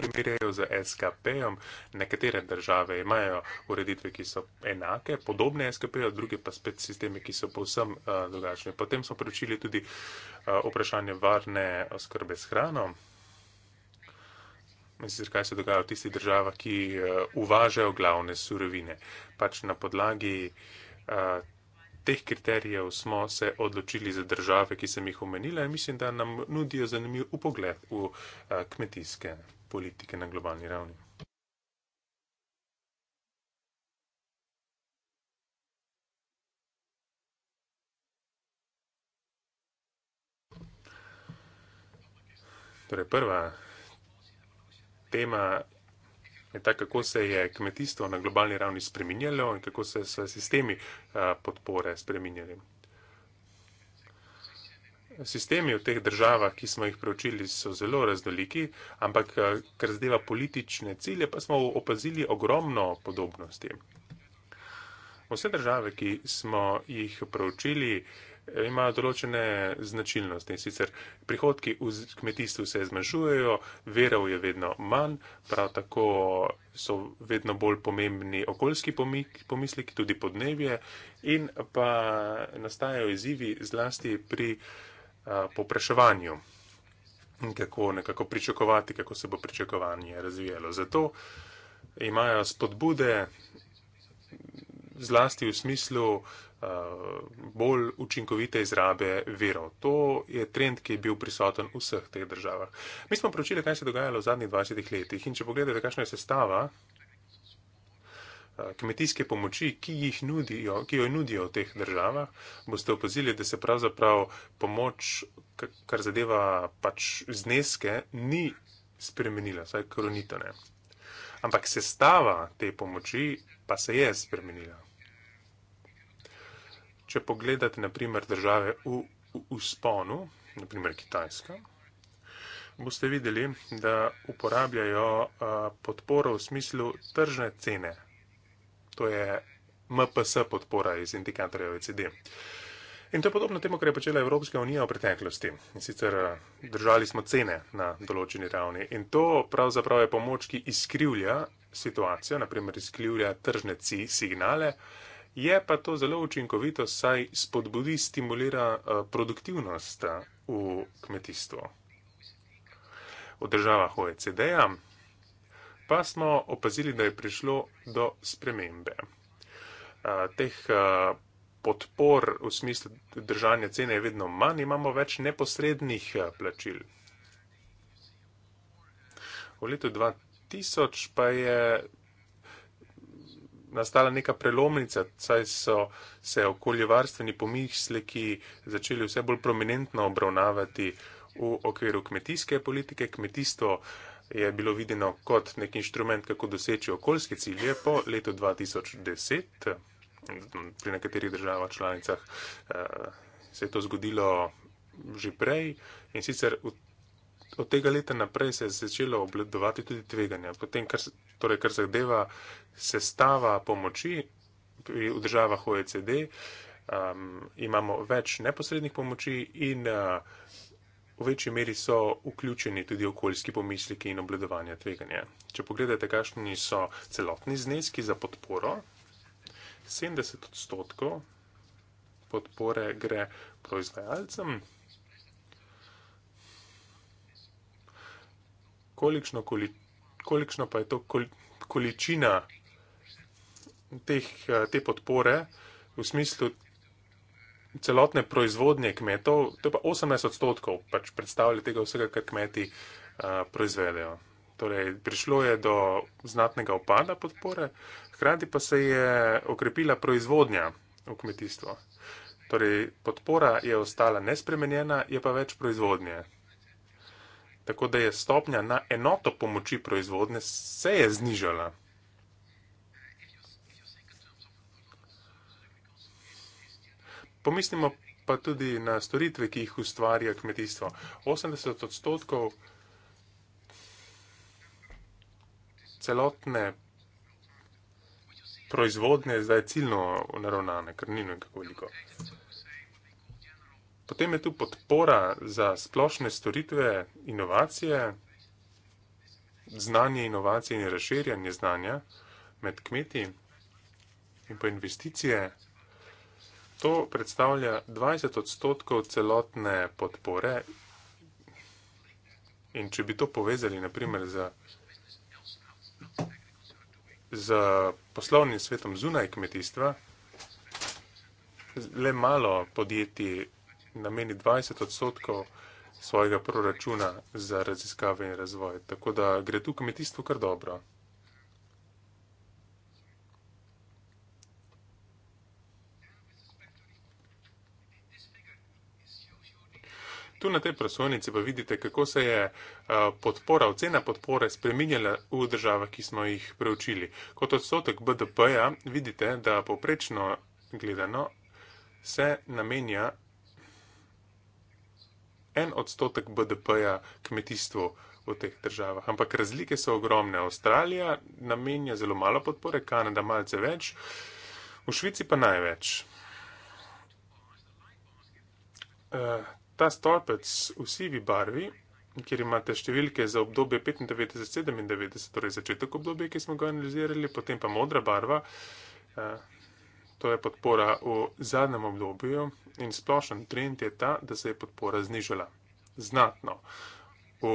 primerjajo z SKP-om. Nekatere države imajo ureditve, ki so enake, podobne SKP-u, druge pa spet sisteme, ki so povsem uh, eh, drugačne. Potem smo preučili tudi uh, vprašanje varne oskrbe s hrano. Mislim, kaj se dogaja v tistih državah, ki uh, uvažajo glavne surovine. Pač na podlagi uh, teh kriterijev smo se odločili za države, ki sem jih omenila in mislim, da nam nudijo zanimiv upogled v uh, kmetijske politike na globalni ravni. Torej, prva tema je ta, kako se je kmetijstvo na globalni ravni spremenjalo in kako se so sistemi podpore spremenjali sistemi v teh državah, ki smo jih preučili, so zelo raznoliki, ampak eh, kar zdeva politične cilje, pa smo opazili ogromno podobnosti. Vse države, ki smo jih preučili, eh, imajo določene značilnosti. Sicer prihodki v kmetijstvu se zmanjšujejo, verov je vedno manj, prav tako so vedno bolj pomembni okoljski pomisliki, tudi podnebje in pa nastajajo izzivi zlasti pri popraševanju in kako nekako pričakovati, kako se bo pričakovanje razvijalo. Zato imajo spodbude zlasti v smislu bolj učinkovite izrabe virov. To je trend, ki je bil prisoten v vseh teh državah. Mi smo pročili, kaj se je dogajalo v zadnjih 20 letih in če pogledate, kakšna je sestava Eh, kmetijske pomoči, ki, nudijo, ki jo nudijo v teh državah, boste opazili, da se pravzaprav pomoč, kar zadeva pač zneske, ni spremenila, saj korenito ne. Ampak sestava te pomoči pa se je spremenila. Če pogledate naprimer države v, v, v sponu, naprimer Kitajska, boste videli, da uporabljajo uh, podporo v smislu tržne cene to je MPS podpora iz indikatorja OECD. In to je podobno temu, kar je počela Evropska unija v preteklosti. In sicer eh, držali smo cene na določeni ravni. In to pravzaprav je pomoč, ki izkrivlja situacijo, naprimer izkrivlja tržne ci signale. Je pa to zelo učinkovito, saj spodbudi, stimulira eh, produktivnost eh, v kmetijstvu. V državah OECD-a pa smo opazili, da je prišlo do spremembe. Teh podpor v smislu držanja cene je vedno manj, imamo več neposrednih plačil. V letu 2000 pa je nastala neka prelomnica, saj so se okoljevarstveni pomisleki začeli vse bolj prominentno obravnavati v okviru kmetijske politike. Kmetijstvo uh, je bilo videno kot nek inštrument, kako doseči okoljske cilje po letu 2010. Pri nekaterih državah članicah eh, se je to zgodilo že prej in sicer od tega leta naprej se je začelo obledovati tudi tveganja. Potem, kar, torej, kar zadeva sestava pomoči v državah OECD, um, imamo več neposrednih pomoči in uh, V večji meri so vključeni tudi okoljski pomisliki in obledovanja tveganja. Če pogledate, kakšni so celotni zneski za podporo, 70 odstotkov podpore gre proizvajalcem. Kolikšno, kolikšno pa je to količina teh, te podpore v smislu celotne proizvodnje kmetov, to je pa 18 odstotkov, pač predstavlja tega vsega, kar kmeti a, proizvedejo. Torej, prišlo je do znatnega opada podpore, hkrati pa se je okrepila proizvodnja v kmetijstvo. Torej, podpora je ostala nespremenjena, je pa več proizvodnje. Tako da je stopnja na enoto pomoči proizvodnje se je znižala. Pomislimo pa tudi na storitve, ki jih ustvarja kmetijstvo. 80 odstotkov celotne proizvodnje je zdaj ciljno naravnane, ker ni nekako veliko. Potem je tu podpora za splošne storitve, inovacije, znanje inovacije in razširjanje znanja med kmeti in pa investicije. To predstavlja 20 odstotkov celotne podpore in če bi to povezali naprimer za, za poslovnim svetom zunaj kmetijstva, le malo podjetij nameni 20 odstotkov svojega proračuna za raziskave in razvoj. Tako da gre tu kmetijstvo kar dobro. Tu na tej prosovnici pa vidite, kako se je eh, podpora, ocena podpore spreminjala v državah, ki smo jih preučili. Kot odstotek BDP-ja vidite, da poprečno gledano se namenja en odstotek BDP-ja kmetijstvu v teh državah. Ampak razlike so ogromne. Avstralija namenja zelo malo podpore, Kanada malce več, v Švici pa največ. Eh, ta stolpec v sivi barvi, kjer imate številke za obdobje 95-97, torej začetek obdobja, ki smo ga analizirali, potem pa modra barva, eh, to je podpora v zadnjem obdobju in splošen trend je ta, da se je podpora znižala znatno v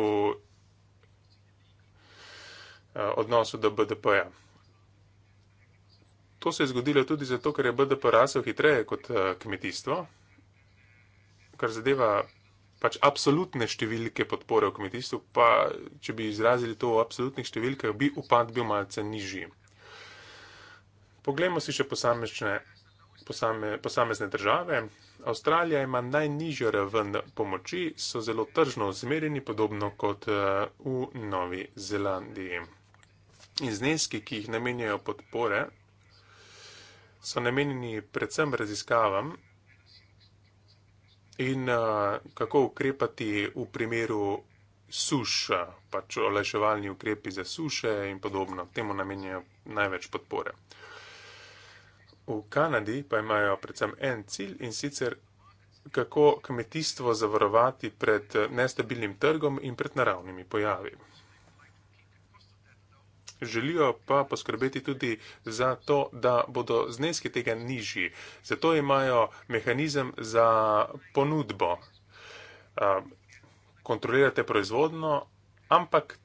eh, odnosu do BDP-ja. To se je zgodilo tudi zato, ker je BDP rasel hitreje kot eh, kmetijstvo kar zadeva pač absolutne številke podpore v kmetijstvu, pa če bi izrazili to v absolutnih številkah, bi upad bil malce nižji. Poglejmo si še posamečne, posame, posamezne države. Avstralija ima najnižjo raven pomoči, so zelo tržno zmereni, podobno kot eh, v Novi Zelandiji. In zneski, ki jih namenjajo podpore, so namenjeni predvsem raziskavam, In uh, kako ukrepati v primeru suša, uh, pač olajševalni ukrepi za suše in podobno, temu namenjajo največ podpore. V Kanadi pa imajo predvsem en cilj in sicer kako kmetijstvo zavarovati pred uh, nestabilnim trgom in pred naravnimi pojavi želijo pa poskrbeti tudi za to, da bodo zneski tega nižji. Zato imajo mehanizem za ponudbo. Kontrolirate proizvodno, ampak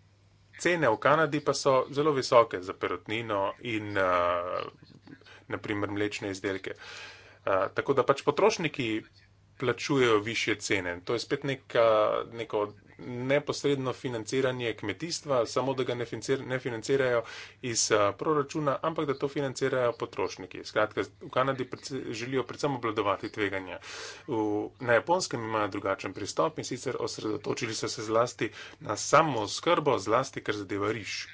cene v Kanadi pa so zelo visoke za perotnino in naprimer mlečne izdelke. Tako da pač potrošniki plačujejo više cene. To je spet neka, neko neposredno financiranje kmetijstva, samo da ga ne, financir, ne financirajo iz proračuna, ampak da to financirajo potrošniki. Skratka, v Kanadi predse, želijo predvsem obladovati tveganja. V, na japonskem imajo drugačen pristop in sicer osredotočili so se zlasti na samo skrbo, zlasti kar zadeva riš.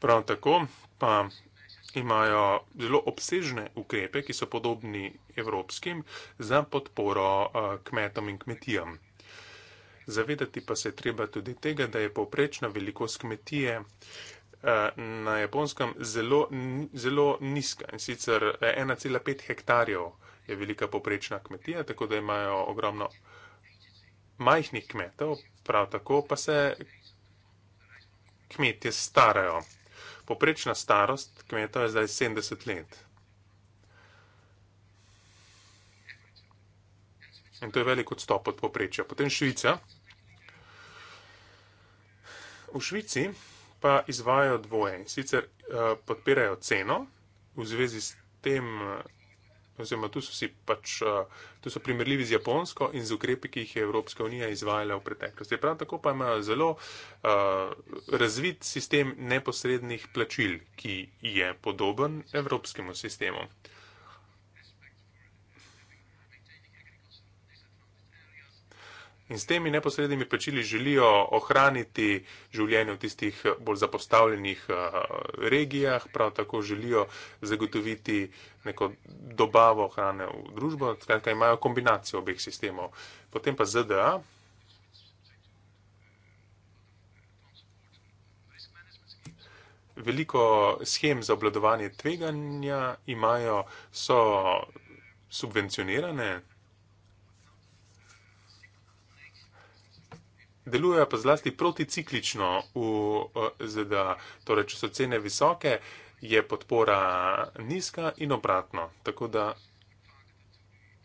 Prav tako pa imajo zelo obsežne ukrepe, ki so podobni evropskim, za podporo eh, kmetom in kmetijam. Zavedati pa se je treba tudi tega, da je povprečna velikost kmetije eh, na japonskem zelo, zelo nizka in sicer 1,5 eh, hektarjev je velika povprečna kmetija, tako da imajo ogromno majhnih kmetov, prav tako pa se kmetje starajo. Poprečna starost kmetov je zdaj 70 let. In to je velik odstop od poprečja. Potem Švica. V Švici pa izvajo dvoje in sicer uh, podpirajo ceno v zvezi s tem, Oziroma, tu so, pač, eh, tu so primerljivi z Japonsko in z ukrepi, ki jih je Evropska unija izvajala v preteklosti. Prav tako pa imajo zelo uh, razvit sistem neposrednih plačil, ki je podoben evropskemu sistemu. Uh, In s temi neposrednimi plačili želijo ohraniti življenje v tistih bolj zapostavljenih eh, regijah, prav tako želijo zagotoviti neko dobavo hrane v družbo, skratka imajo kombinacijo obeh sistemov. Potem pa ZDA. Veliko schem za obladovanje tveganja imajo, so subvencionirane, delujejo pa zlasti proticiklično v eh, ZDA. Torej, če so cene visoke, je podpora nizka in obratno. Tako da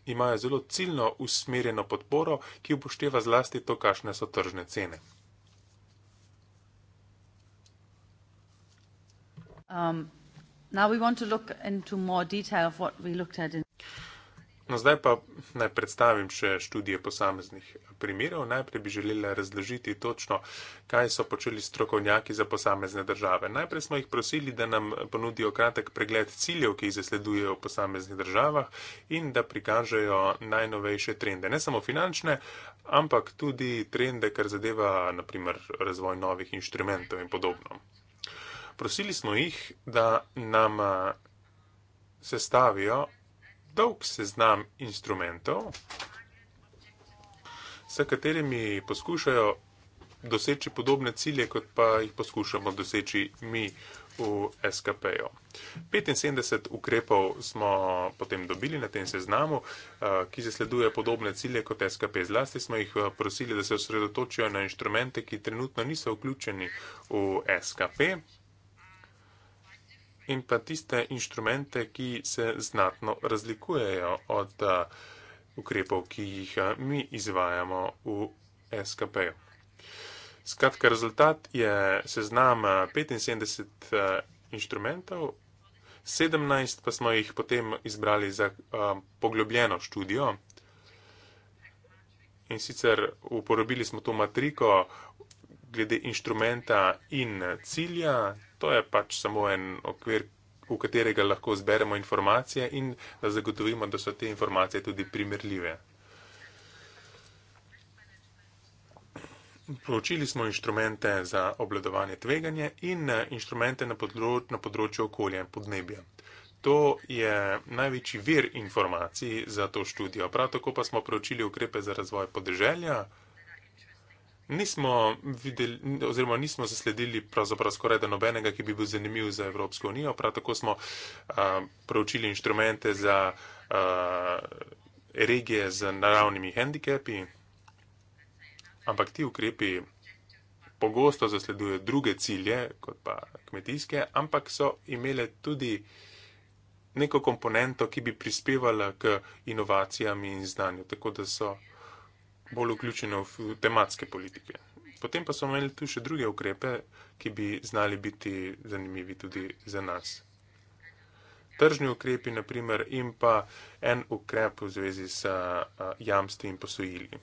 imajo zelo ciljno usmerjeno podporo, ki upošteva zlasti to, kakšne so tržne cene. Um, now we want to look into more detail of what we looked at in. No, zdaj pa naj predstavim še študije posameznih primerov. Najprej bi želela razložiti točno, kaj so počeli strokovnjaki za posamezne države. Najprej smo jih prosili, da nam ponudijo kratek pregled ciljev, ki jih zasledujejo v posameznih državah in da prikažejo najnovejše trende. Ne samo finančne, ampak tudi trende, kar zadeva naprimer razvoj novih inštrumentov in podobno. Prosili smo jih, da nam sestavijo dolg seznam instrumentov, s katerimi poskušajo doseči podobne cilje, kot pa jih poskušamo doseči mi v SKP-ju. 75 ukrepov smo potem dobili na tem seznamu, eh, ki zasleduje podobne cilje kot SKP. Zlasti smo jih eh, prosili, da se osredotočijo na inštrumente, ki trenutno niso vključeni v SKP in pa tiste inštrumente, ki se znatno razlikujejo od eh, ukrepov, ki jih eh, mi izvajamo v SKP. Skratka, rezultat je seznam 75 eh, inštrumentov, 17 pa smo jih potem izbrali za poglobljeno študijo. In sicer uporabili smo to matriko glede inštrumenta in cilja, to je pač samo en okvir, v katerega lahko zberemo informacije in da zagotovimo, da so te informacije tudi primerljive. Pročili smo inštrumente za obledovanje tveganja in eh, inštrumente na, področ, na področju okolja in podnebja. To je največji vir informacij za to študijo. Prav tako pa smo pročili ukrepe za razvoj podeželja, nismo videli, oziroma nismo zasledili pravzaprav skoraj da nobenega, ki bi bil zanimiv za Evropsko unijo. Prav tako smo uh, preučili inštrumente za uh, regije z naravnimi handikepi, ampak ti ukrepi pogosto zasleduje druge cilje, kot pa kmetijske, ampak so imele tudi neko komponento, ki bi prispevala k inovacijam in znanju. Tako da so bolj vključeno v tematske politike. Potem pa smo imeli tu še druge ukrepe, ki bi znali biti zanimivi tudi za nas. Tržni ukrepi, naprimer, in pa en ukrep v zvezi s jamstvi in posojili.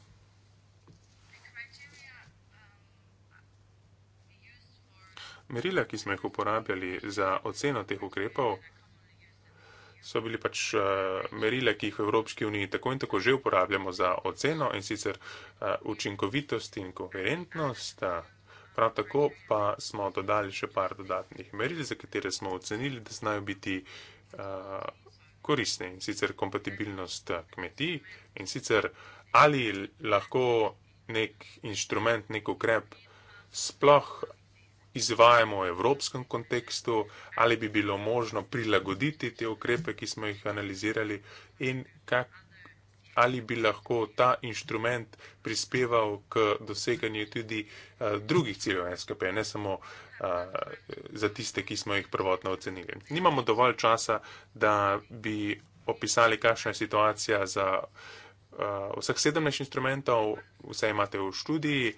Merila, ki smo jih uporabljali za oceno teh ukrepov, so bili pač uh, merile, ki jih v Evropski uniji tako in tako že uporabljamo za oceno in sicer uh, učinkovitost in koherentnost. Uh, prav tako pa smo dodali še par dodatnih meril, za katere smo ocenili, da znajo biti. Uh, Koristne, in sicer kompatibilnost kmetij, in sicer ali lahko nek inštrument, nek ukrep sploh izvajamo v evropskem kontekstu, ali bi bilo možno prilagoditi te ukrepe, ki smo jih analizirali in kak, ali bi lahko ta inštrument prispeval k doseganju tudi uh, drugih ciljev SKP, ne samo uh, za tiste, ki smo jih prvotno ocenili. Nimamo dovolj časa, da bi opisali, kakšna je situacija za. Uh, Eh, vseh 17 instrumentov, vse imate v študiji,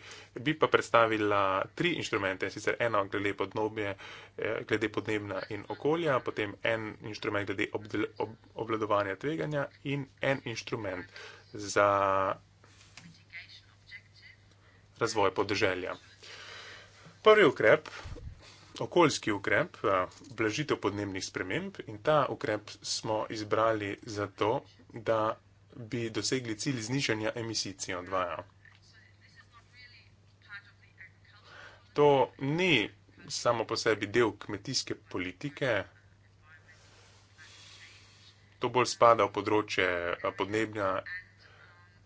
bi pa predstavila tri inštrumente, sicer eno glede podnobje, eh, glede podnebna in okolja, potem en inštrument glede obdel, ob, obladovanja tveganja in en inštrument za razvoj podeželja. Prvi ukrep, okoljski ukrep, eh, blažitev podnebnih sprememb in ta ukrep smo izbrali zato, da bi dosegli cilj znižanja emisij CO2. Ja. To ni samo po sebi del kmetijske politike, to bolj spada v področje eh, podnebja,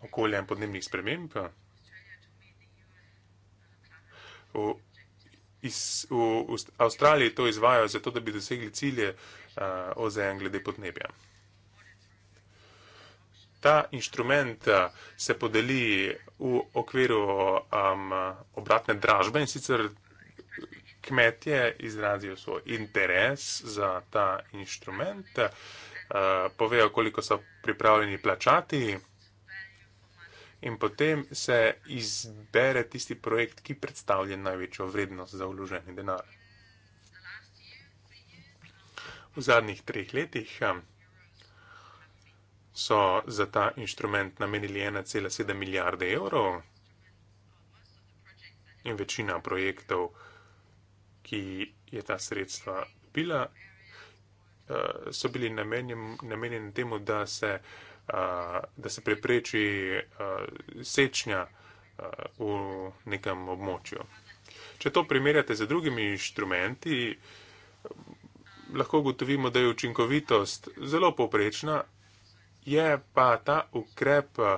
okolja in podnebnih sprememb. V, iz, v, v Avstraliji to izvajo zato, da bi dosegli cilje uh, eh, OZN e glede podnebja ta inštrument eh, se podeli v okviru um, obratne dražbe in sicer kmetje izrazijo svoj interes za ta inštrument, uh, povejo, koliko so pripravljeni plačati in potem se izbere tisti projekt, ki predstavlja največjo vrednost za vloženi denar. V zadnjih treh letih. Um, so za ta inštrument namenili 1,7 milijarde evrov in večina projektov, ki je ta sredstva dobila, eh, so bili namenjeni temu, da se, eh, da se prepreči eh, sečnja v nekem območju. Če to primerjate z drugimi inštrumenti, lahko ugotovimo, da je učinkovitost zelo povprečna, Je pa ta ukrep eh,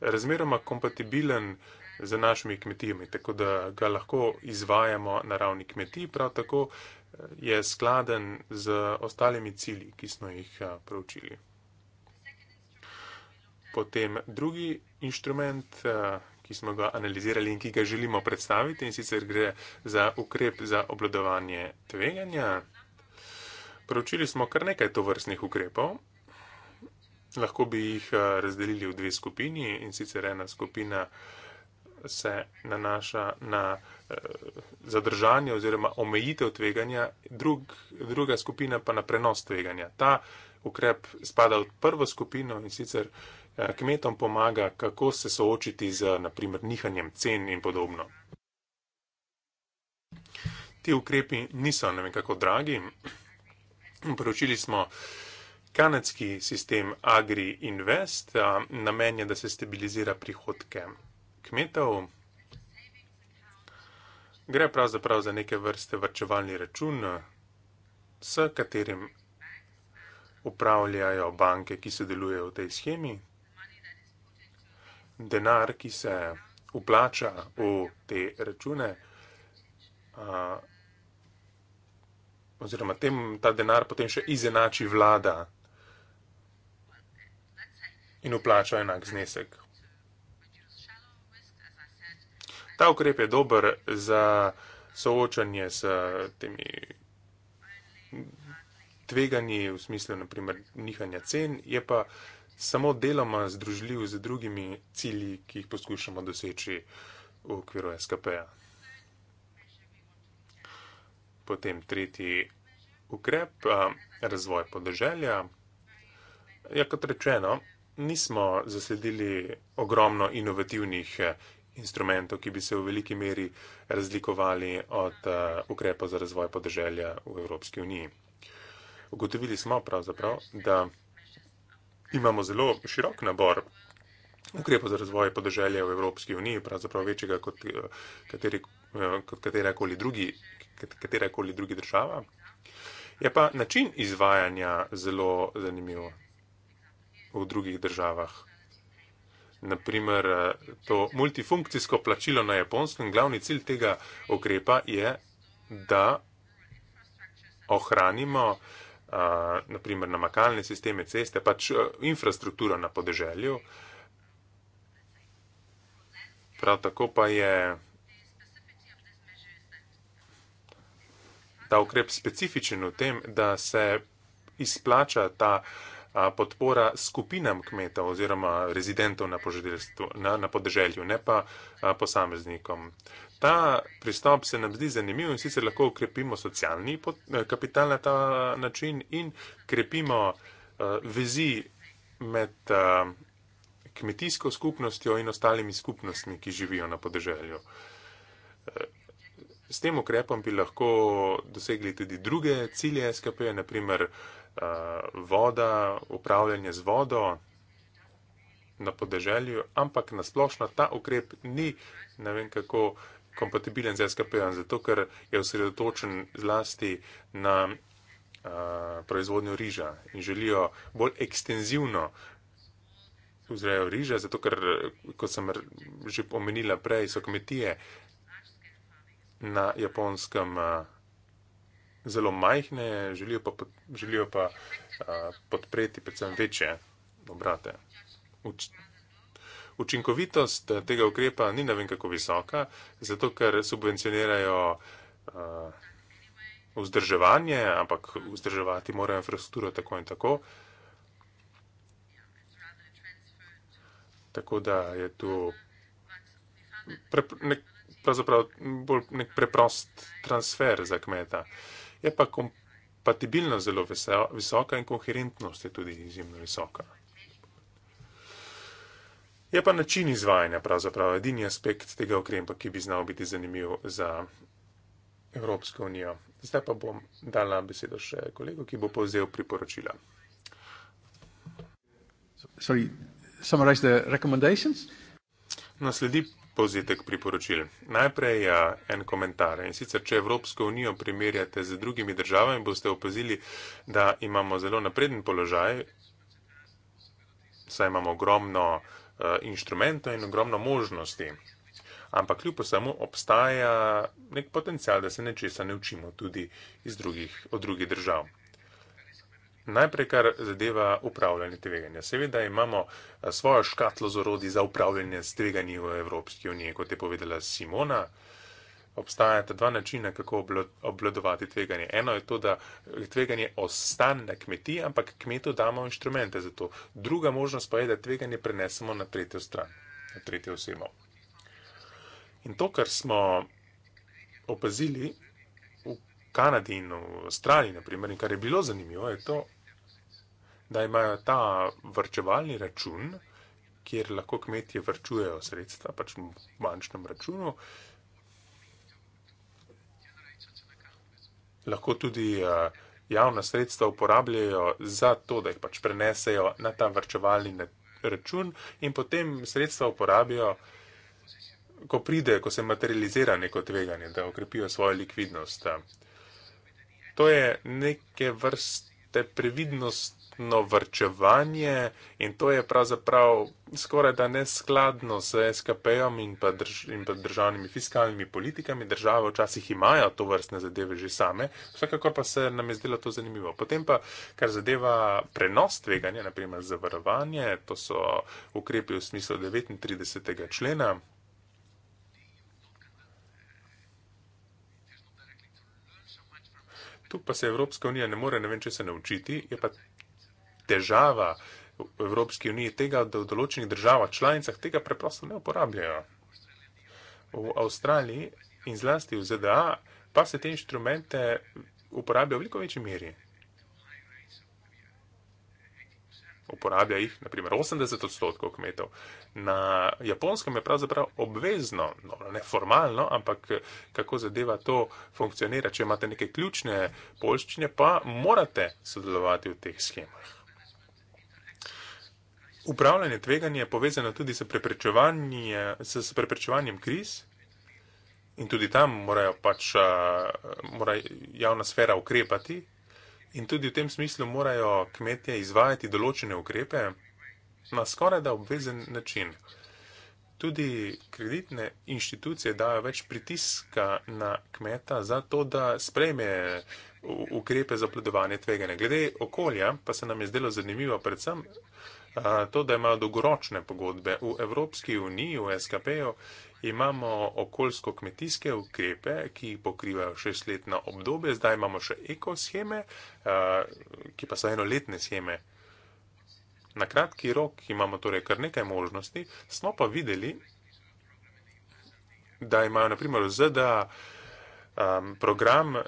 razmeroma kompatibilen z našimi kmetijami, tako da ga lahko izvajamo na ravni kmetij, prav tako eh, je skladen z ostalimi cilji, ki smo jih eh, preučili. Potem drugi inštrument, ki smo ga analizirali in ki ga želimo predstaviti, in sicer gre za ukrep za obladovanje tveganja. Preučili smo kar nekaj tovrstnih ukrepov, Lahko bi jih eh, razdelili v dve skupini in sicer ena skupina se nanaša na eh, zadržanje oziroma omejitev tveganja, drug, druga skupina pa na prenos tveganja. Ta ukrep spada v prvo skupino in sicer eh, kmetom pomaga, kako se soočiti z naprimer nihanjem cen in podobno. Ti ukrepi niso ne vem kako dragi. Poročili smo, Kanadski sistem AgriInvest namen je, da se stabilizira prihodke kmetov. Gre pravzaprav za neke vrste vrčevalni račun, s katerim upravljajo banke, ki se delujejo v tej schemi. Denar, ki se uplača v te račune, a, oziroma tem, ta denar potem še izenači vlada in vplača enak znesek. Ta ukrep je dober za soočanje s temi tveganji v smislu naprimer nihanja cen, je pa samo deloma združljiv z drugimi cilji, ki jih poskušamo doseči v okviru SKP-ja. Potem tretji ukrep, razvoj podeželja. Ja, kot rečeno, nismo zasledili ogromno inovativnih eh, instrumentov, ki bi se v veliki meri razlikovali od eh, ukrepa za razvoj podeželja v Evropski uniji. Ugotovili smo pravzaprav, da imamo zelo širok nabor ukrepa za razvoj podeželja v Evropski uniji, pravzaprav večjega kot, eh, kateri, kot katerakoli, drugi, katerakoli drugi država. Je pa način izvajanja zelo zanimivo v drugih državah. Naprimer, to multifunkcijsko plačilo na japonskem, glavni cilj tega ukrepa je, da ohranimo naprimer namakalne sisteme ceste, pač infrastrukturo na podeželju. Prav tako pa je ta ukrep specifičen v tem, da se izplača ta ukrep, podpora skupinam kmetov oziroma rezidentov na, na, na podeželju, ne pa a, posameznikom. Ta pristop se nam zdi zanimiv in sicer lahko ukrepimo socialni pot, e, kapital na ta način in krepimo a, e, vezi med a, e, kmetijsko skupnostjo in ostalimi skupnostmi, ki živijo na podeželju. S tem ukrepom bi lahko dosegli tudi druge cilje SKP, naprimer Eh, voda, upravljanje z vodo na podeželju, ampak nasplošno ta ukrep ni, ne vem kako, kompatibilen z SKP-om, zato ker je osredotočen zlasti na a, eh, proizvodnjo riža in želijo bolj ekstenzivno vzrejo riža, zato ker, kot sem že omenila prej, so kmetije na japonskem. A, eh, zelo majhne, želijo pa, želijo pa a, podpreti predvsem večje obrate. Uč, učinkovitost tega ukrepa ni ne vem kako visoka, zato ker subvencionirajo a, vzdrževanje, ampak vzdrževati morajo infrastrukturo tako in tako. Tako da je tu pre, nek, pravzaprav bolj nek preprost transfer za kmeta. Uh, je pa kompatibilnost zelo visoka in koherentnost je tudi izjemno visoka. Je pa način izvajanja pravzaprav edini aspekt tega ukrepa, ki bi znal biti zanimiv za Evropsko unijo. Zdaj pa bom dala besedo še kolegu, ki bo povzel priporočila. Sorry, summarize the recommendations. Nasledi no, povzetek priporočil. Najprej ja, en komentar. In sicer, če Evropsko unijo primerjate z drugimi državami, boste opazili, da imamo zelo napreden položaj, saj imamo ogromno uh, inštrumentov in ogromno možnosti. Ampak kljub vsemu obstaja nek potencial, da se nečesa ne učimo tudi iz drugih, drugih držav. Najprej, kar zadeva upravljanje tveganja. Seveda imamo eh, svojo škatlo z orodji za upravljanje s tveganji v Evropski uniji, kot je povedala Simona. Obstajata dva načina, kako obvladovati tveganje. Eno je to, da eh, tveganje ostane na kmetiji, ampak kmetu damo inštrumente za to. Druga možnost pa je, da tveganje prenesemo na tretjo stran, na tretjo osebo. In to, kar smo opazili v Kanadi in v Avstraliji, naprimer, in kar je bilo zanimivo, je to, da imajo ta vrčevalni račun, kjer lahko kmetje vrčujejo sredstva, pač v bančnem računu, lahko tudi eh, javna sredstva uporabljajo za to, da jih pač prenesejo na ta vrčevalni račun in potem sredstva uporabijo, ko pride, ko se materializira neko tveganje, da okrepijo svojo likvidnost. Eh. To je neke vrste previdnost dodatno vrčevanje in to je pravzaprav skoraj da neskladno s SKP-om in, drž in pa državnimi fiskalnimi politikami. Države včasih imajo to vrstne zadeve že same, vsekakor pa se nam je zdelo to zanimivo. Potem pa, kar zadeva prenos tveganja, naprimer zavarovanje, to so ukrepi v smislu 39. člena. Tu pa se Evropska unija ne more, ne vem, če se naučiti, je pa težava v Evropski uniji tega, da v določenih državah, članicah tega preprosto ne uporabljajo. V Avstraliji in zlasti v ZDA pa se te inštrumente uporablja v veliko večji meri. Uporablja jih naprimer 80 odstotkov kmetov. Na japonskem je pravzaprav obvezno, no, ne formalno, ampak kako zadeva to funkcionira, če imate neke ključne polščine, pa morate sodelovati v teh schemah upravljanje tveganja je povezano tudi s, preprečevanje, s, s preprečevanjem kriz in tudi tam morajo pač, uh, mora javna sfera ukrepati in tudi v tem smislu morajo kmetje izvajati določene ukrepe na skoraj da obvezen način. Tudi kreditne inštitucije dajo več pritiska na kmeta za to, da sprejme ukrepe za pledovanje tvegane. Glede okolja pa se nam je zdelo zanimivo predvsem, uh, to, da imajo dolgoročne pogodbe. V Evropski uniji, v SKP-ju, imamo okoljsko-kmetijske ukrepe, ki pokrivajo šestletna obdobje, zdaj imamo še ekosheme, ki pa so enoletne scheme. Na kratki rok imamo torej kar nekaj možnosti, smo pa videli, da imajo naprimer ZDA um, program uh,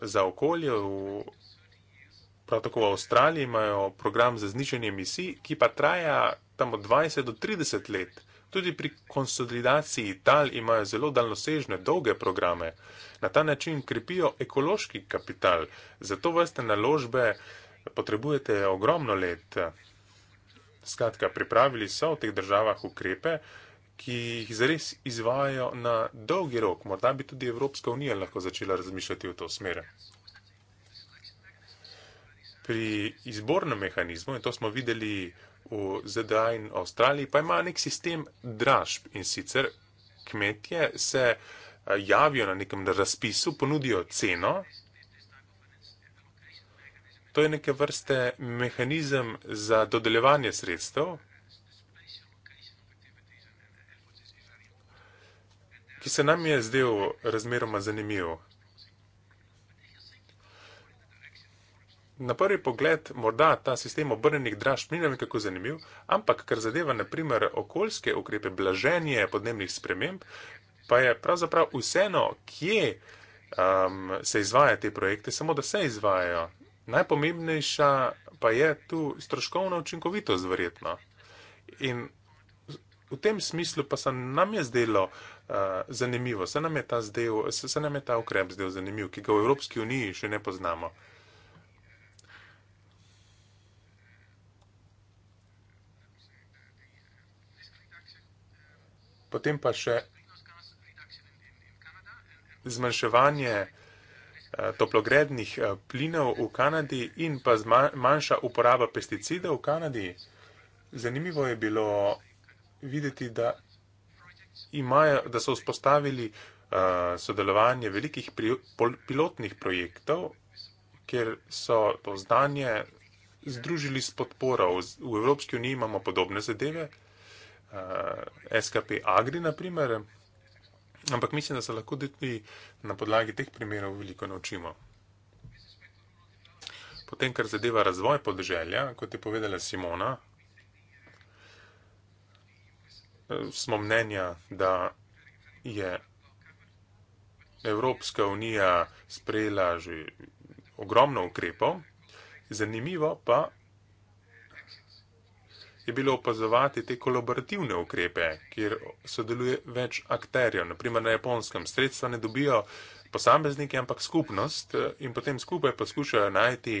za okolje v prav tako v Avstraliji imajo program za znižanje emisij, ki pa traja tam od 20 do 30 let. Tudi pri konsolidaciji tal imajo zelo daljnosežne, dolge programe. Na ta način krepijo ekološki kapital. Za to vrste naložbe potrebujete ogromno let. Skratka, pripravili so v teh državah ukrepe, ki jih zares izvajajo na dolgi rok. Morda bi tudi Evropska unija lahko začela razmišljati v to smer pri izbornem mehanizmu, in to smo videli v ZDA in Avstraliji, pa ima nek sistem dražb in sicer kmetje se eh, javijo na nekem razpisu, ponudijo ceno. To je neke vrste mehanizem za dodeljevanje sredstev, ki se nam je zdel razmeroma zanimivo. na prvi pogled morda ta sistem obrnenih dražb ni nekako zanimiv, ampak kar zadeva naprimer okoljske ukrepe, blaženje podnebnih sprememb, pa je pravzaprav vseeno, kje um, se izvaja te projekte, samo da se izvajajo. Najpomembnejša pa je tu stroškovna učinkovitost, verjetno. In v tem smislu pa se nam je zdelo uh, zanimivo, se nam, zdel, se, se nam je ta ukrep zdel zanimiv, ki ga v Evropski uniji še ne poznamo. Potem pa še zmanjševanje eh, toplogrednih eh, plinov v Kanadi in pa manjša uporaba pesticide v Kanadi. Zanimivo je bilo videti, da, imajo, da so vzpostavili eh, sodelovanje velikih pilotnih projektov, kjer so to znanje združili s podporo. V Evropski uniji imamo podobne zadeve uh, eh, SKP Agri, naprimer. Ampak mislim, da se lahko tudi na podlagi teh primerov veliko naučimo. Potem, kar zadeva razvoj podeželja, kot je povedala Simona, eh, smo mnenja, da je Evropska unija sprejela že ogromno ukrepov. Zanimivo pa, je bilo opazovati te kolaborativne ukrepe, kjer sodeluje več akterjev. Naprimer na japonskem sredstva ne dobijo posamezniki, ampak skupnost eh, in potem skupaj poskušajo najti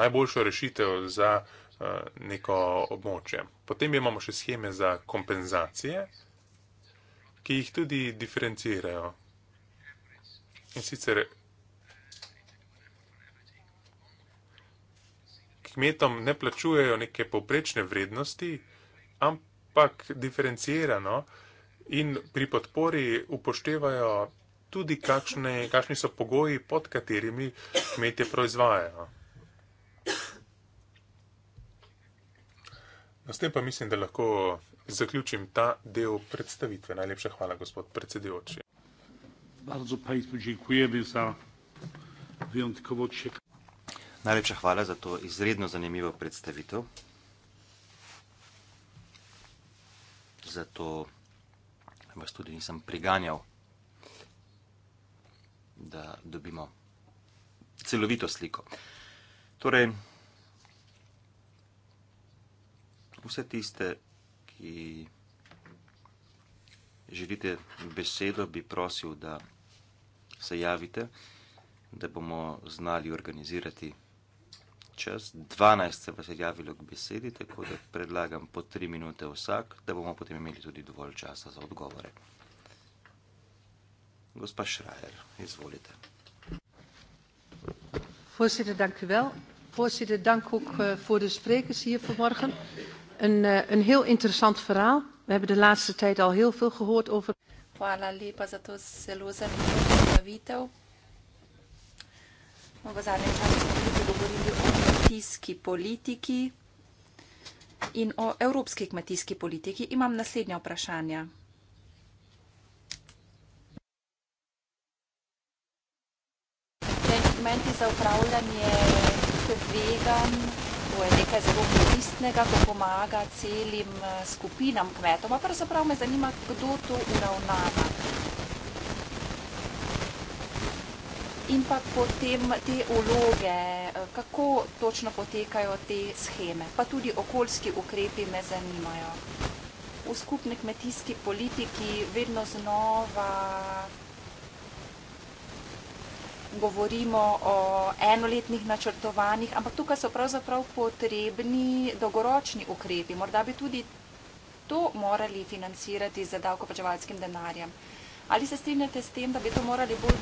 najboljšo rešitev za eh, neko območje. Potem imamo še scheme za kompenzacije, ki jih tudi diferencirajo. In sicer kmetom ne plačujejo neke povprečne vrednosti, ampak diferencirano in pri podpori upoštevajo tudi, kakšne, kakšni so pogoji, pod katerimi kmetje proizvajajo. No, s tem pa mislim, da lahko zaključim ta del predstavitve. Najlepša hvala, gospod predsedujoči. Bardzo Państwu dziękujemy za wyjątkowo ciekawe. Najlepša hvala za to izredno zanimivo predstavitev, zato vas tudi nisem priganjal, da dobimo celovito sliko. Torej, vse tiste, ki želite besedo, bi prosil, da se javite, da bomo znali organizirati besedo čas, 12 se pa se javilo k besedi, tako da predlagam po 3 minute vsak, da bomo potem imeli tudi dovolj časa za odgovore. Gospa Šrajer, izvolite. Voorzitter, dank u wel. Voorzitter, dank ook uh, voor de sprekers hier vanmorgen. Een, uh, een heel interessant verhaal. We hebben de laatste tijd al heel veel gehoord over. Hvala lepa za to zelo zanimivo predstavitev. V zadnjem času smo govorili o kmetijski politiki in o evropski kmetijski politiki. Imam naslednja vprašanja. Instrumenti za upravljanje tveganj, to je nekaj zelo koristnega, ko pomaga celim eh, skupinam kmetov. Pa pravzaprav me zanima, kdo to uravnava. In pa potem te vloge, eh, kako točno potekajo te scheme, pa tudi okoljski ukrepi me zanimajo. V skupni kmetijski politiki vedno znova govorimo o enoletnih načrtovanjih, ampak tukaj so pravzaprav potrebni dolgoročni ukrepi. Morda bi tudi to morali financirati z davkoplačevalskim denarjem. Ali se strinjate s tem, da bi to morali bolj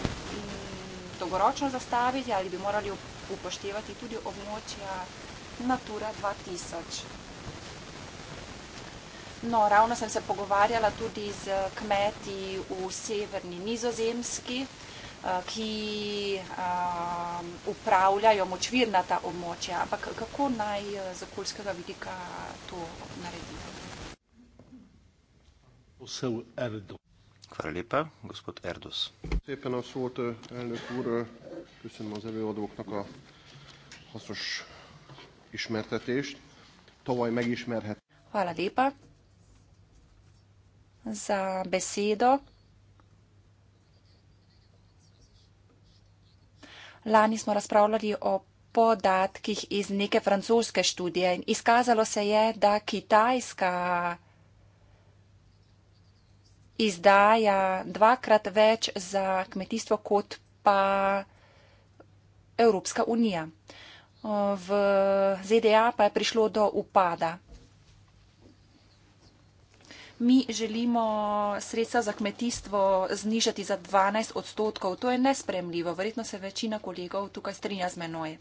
dolgoročno zastaviti ali bi morali upoštevati tudi območja Natura 2000. No, ravno sem se pogovarjala tudi z kmeti v severni nizozemski, eh, ki eh, upravljajo močvirnata območja, ampak kako naj eh, z okoljskega vidika to naredijo? Hvala lepa. Gospod Erdos. Lepo na vsote, elnök úr, köszönöm az előadóknak a hasznos ismertetést. Tavaly megismerhet. Hvala lepa za besedo. Lani smo razpravljali o podatkih iz neke francoske študije in izkazalo se je, da Kitajska izdaja dvakrat več za kmetijstvo kot pa Evropska unija. V ZDA pa je prišlo do upada. Mi želimo sredstva za kmetijstvo znižati za 12 odstotkov. To je nespremljivo. Verjetno se večina kolegov tukaj strinja z menoj.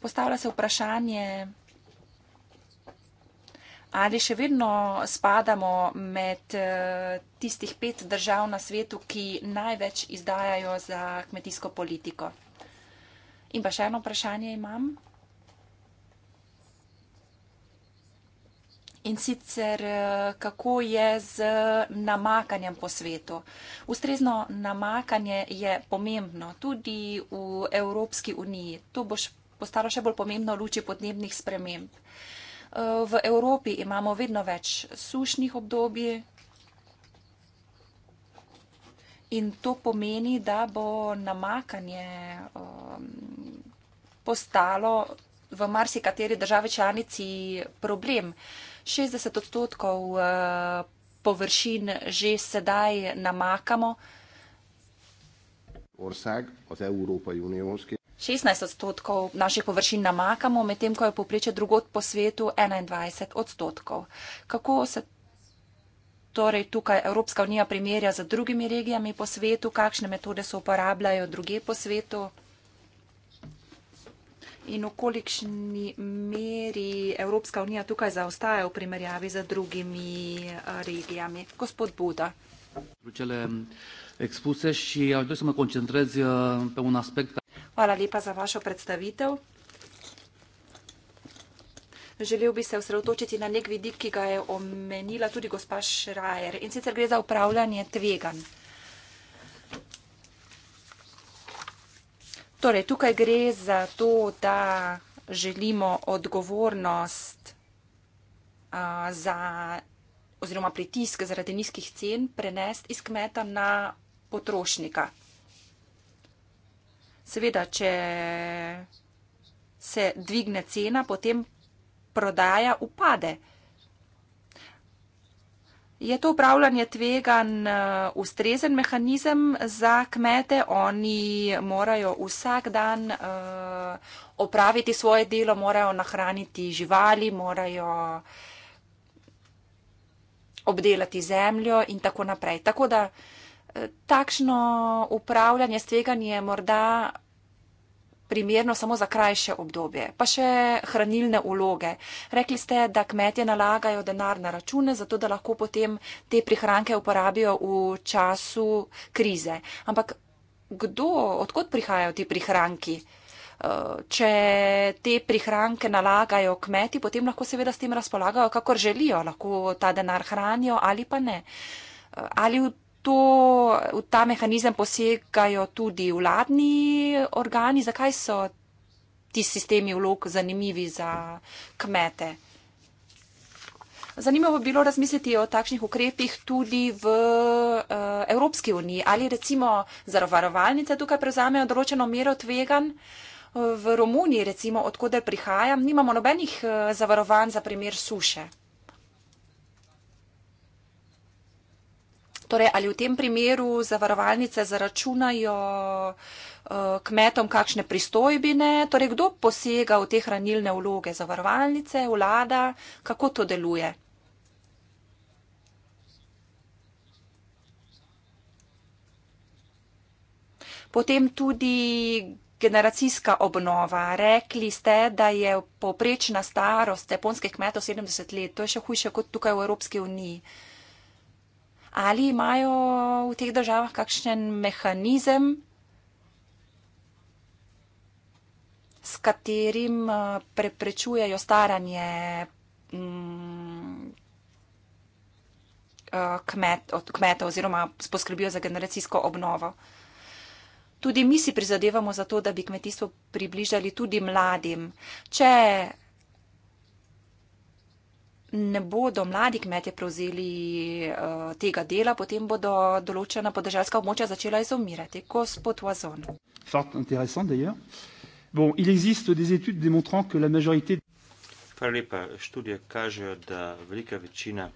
Postavlja se vprašanje, ali še vedno spadamo med eh, tistih pet držav na svetu, ki največ izdajajo za kmetijsko politiko. In pa še eno vprašanje imam. In sicer, eh, kako je z namakanjem po svetu? Ustrezno namakanje je pomembno tudi v Evropski uniji. To bo postalo še bolj pomembno v luči podnebnih sprememb. Uh, V Evropi imamo vedno več sušnih obdobij in to pomeni, da bo namakanje um, postalo v marsikateri državi članici problem. 60 odstotkov uh, površin že sedaj namakamo. Orsak od Evropa junijonske. 16 odstotkov naših površin namakamo, medtem ko je povprečje drugot po svetu 21 odstotkov. Kako se torej tukaj Evropska unija primerja z drugimi regijami po svetu, kakšne metode se uporabljajo druge po svetu in v kolikšni meri Evropska unija tukaj zaostaja v primerjavi z drugimi eh, regijami. Gospod Buda. Cele expuse și aș dori să mă concentrez eh, pe un aspect Hvala lepa za vašo predstavitev. Želel bi se osredotočiti na nek vidik, ki ga je omenila tudi gospa Šrajer in sicer gre za upravljanje tvegan. Torej, tukaj gre za to, da želimo odgovornost a, za oziroma pritisk zaradi nizkih cen prenesti iz kmeta na potrošnika. Seveda, če se dvigne cena, potem prodaja upade. Je to upravljanje tvegan eh, ustrezen mehanizem za kmete? Oni morajo vsak dan uh, opraviti svoje delo, morajo nahraniti živali, morajo obdelati zemljo in tako naprej. Tako da uh, takšno upravljanje s tveganjem je morda primerno samo za krajše obdobje. Pa še hranilne uloge. Rekli ste, da kmetje nalagajo denar na račune, zato da lahko potem te prihranke uporabijo v času krize. Ampak kdo, odkot prihajajo ti prihranki? Eh, če te prihranke nalagajo kmeti, potem lahko seveda s tem razpolagajo, kakor želijo, lahko ta denar hranijo ali pa ne. Eh, ali v to, v ta mehanizem posegajo tudi vladni organi. Zakaj so ti sistemi vlog zanimivi za kmete? Zanimivo bi bilo razmisliti o takšnih ukrepih tudi v uh, Evropski uniji. Ali recimo zarovarovalnice tukaj prevzamejo določeno mero tvegan? V Romuniji, recimo, odkuder prihajam, nimamo nobenih eh, zavarovanj za primer suše. Torej, ali v tem primeru zavarovalnice zaračunajo eh, kmetom kakšne pristojbine? Torej, kdo posega v te hranilne vloge? Zavarovalnice, vlada, kako to deluje? Potem tudi generacijska obnova. Rekli ste, da je poprečna starost japonskih kmetov 70 let. To je še hujše kot tukaj v Evropski uniji. Uh, ali imajo v teh državah kakšen mehanizem, s katerim eh, preprečujejo staranje mm, eh, kmet, kmeta oziroma poskrbijo za generacijsko obnovo. Tudi mi si prizadevamo za to, da bi kmetijstvo približali tudi mladim. Če ne bodo mladi kmetje prevzeli uh, tega dela, potem bodo določena podeželska območja začela izumirati. Gospod Wazon. Hvala lepa. Študije kažejo, da velika večina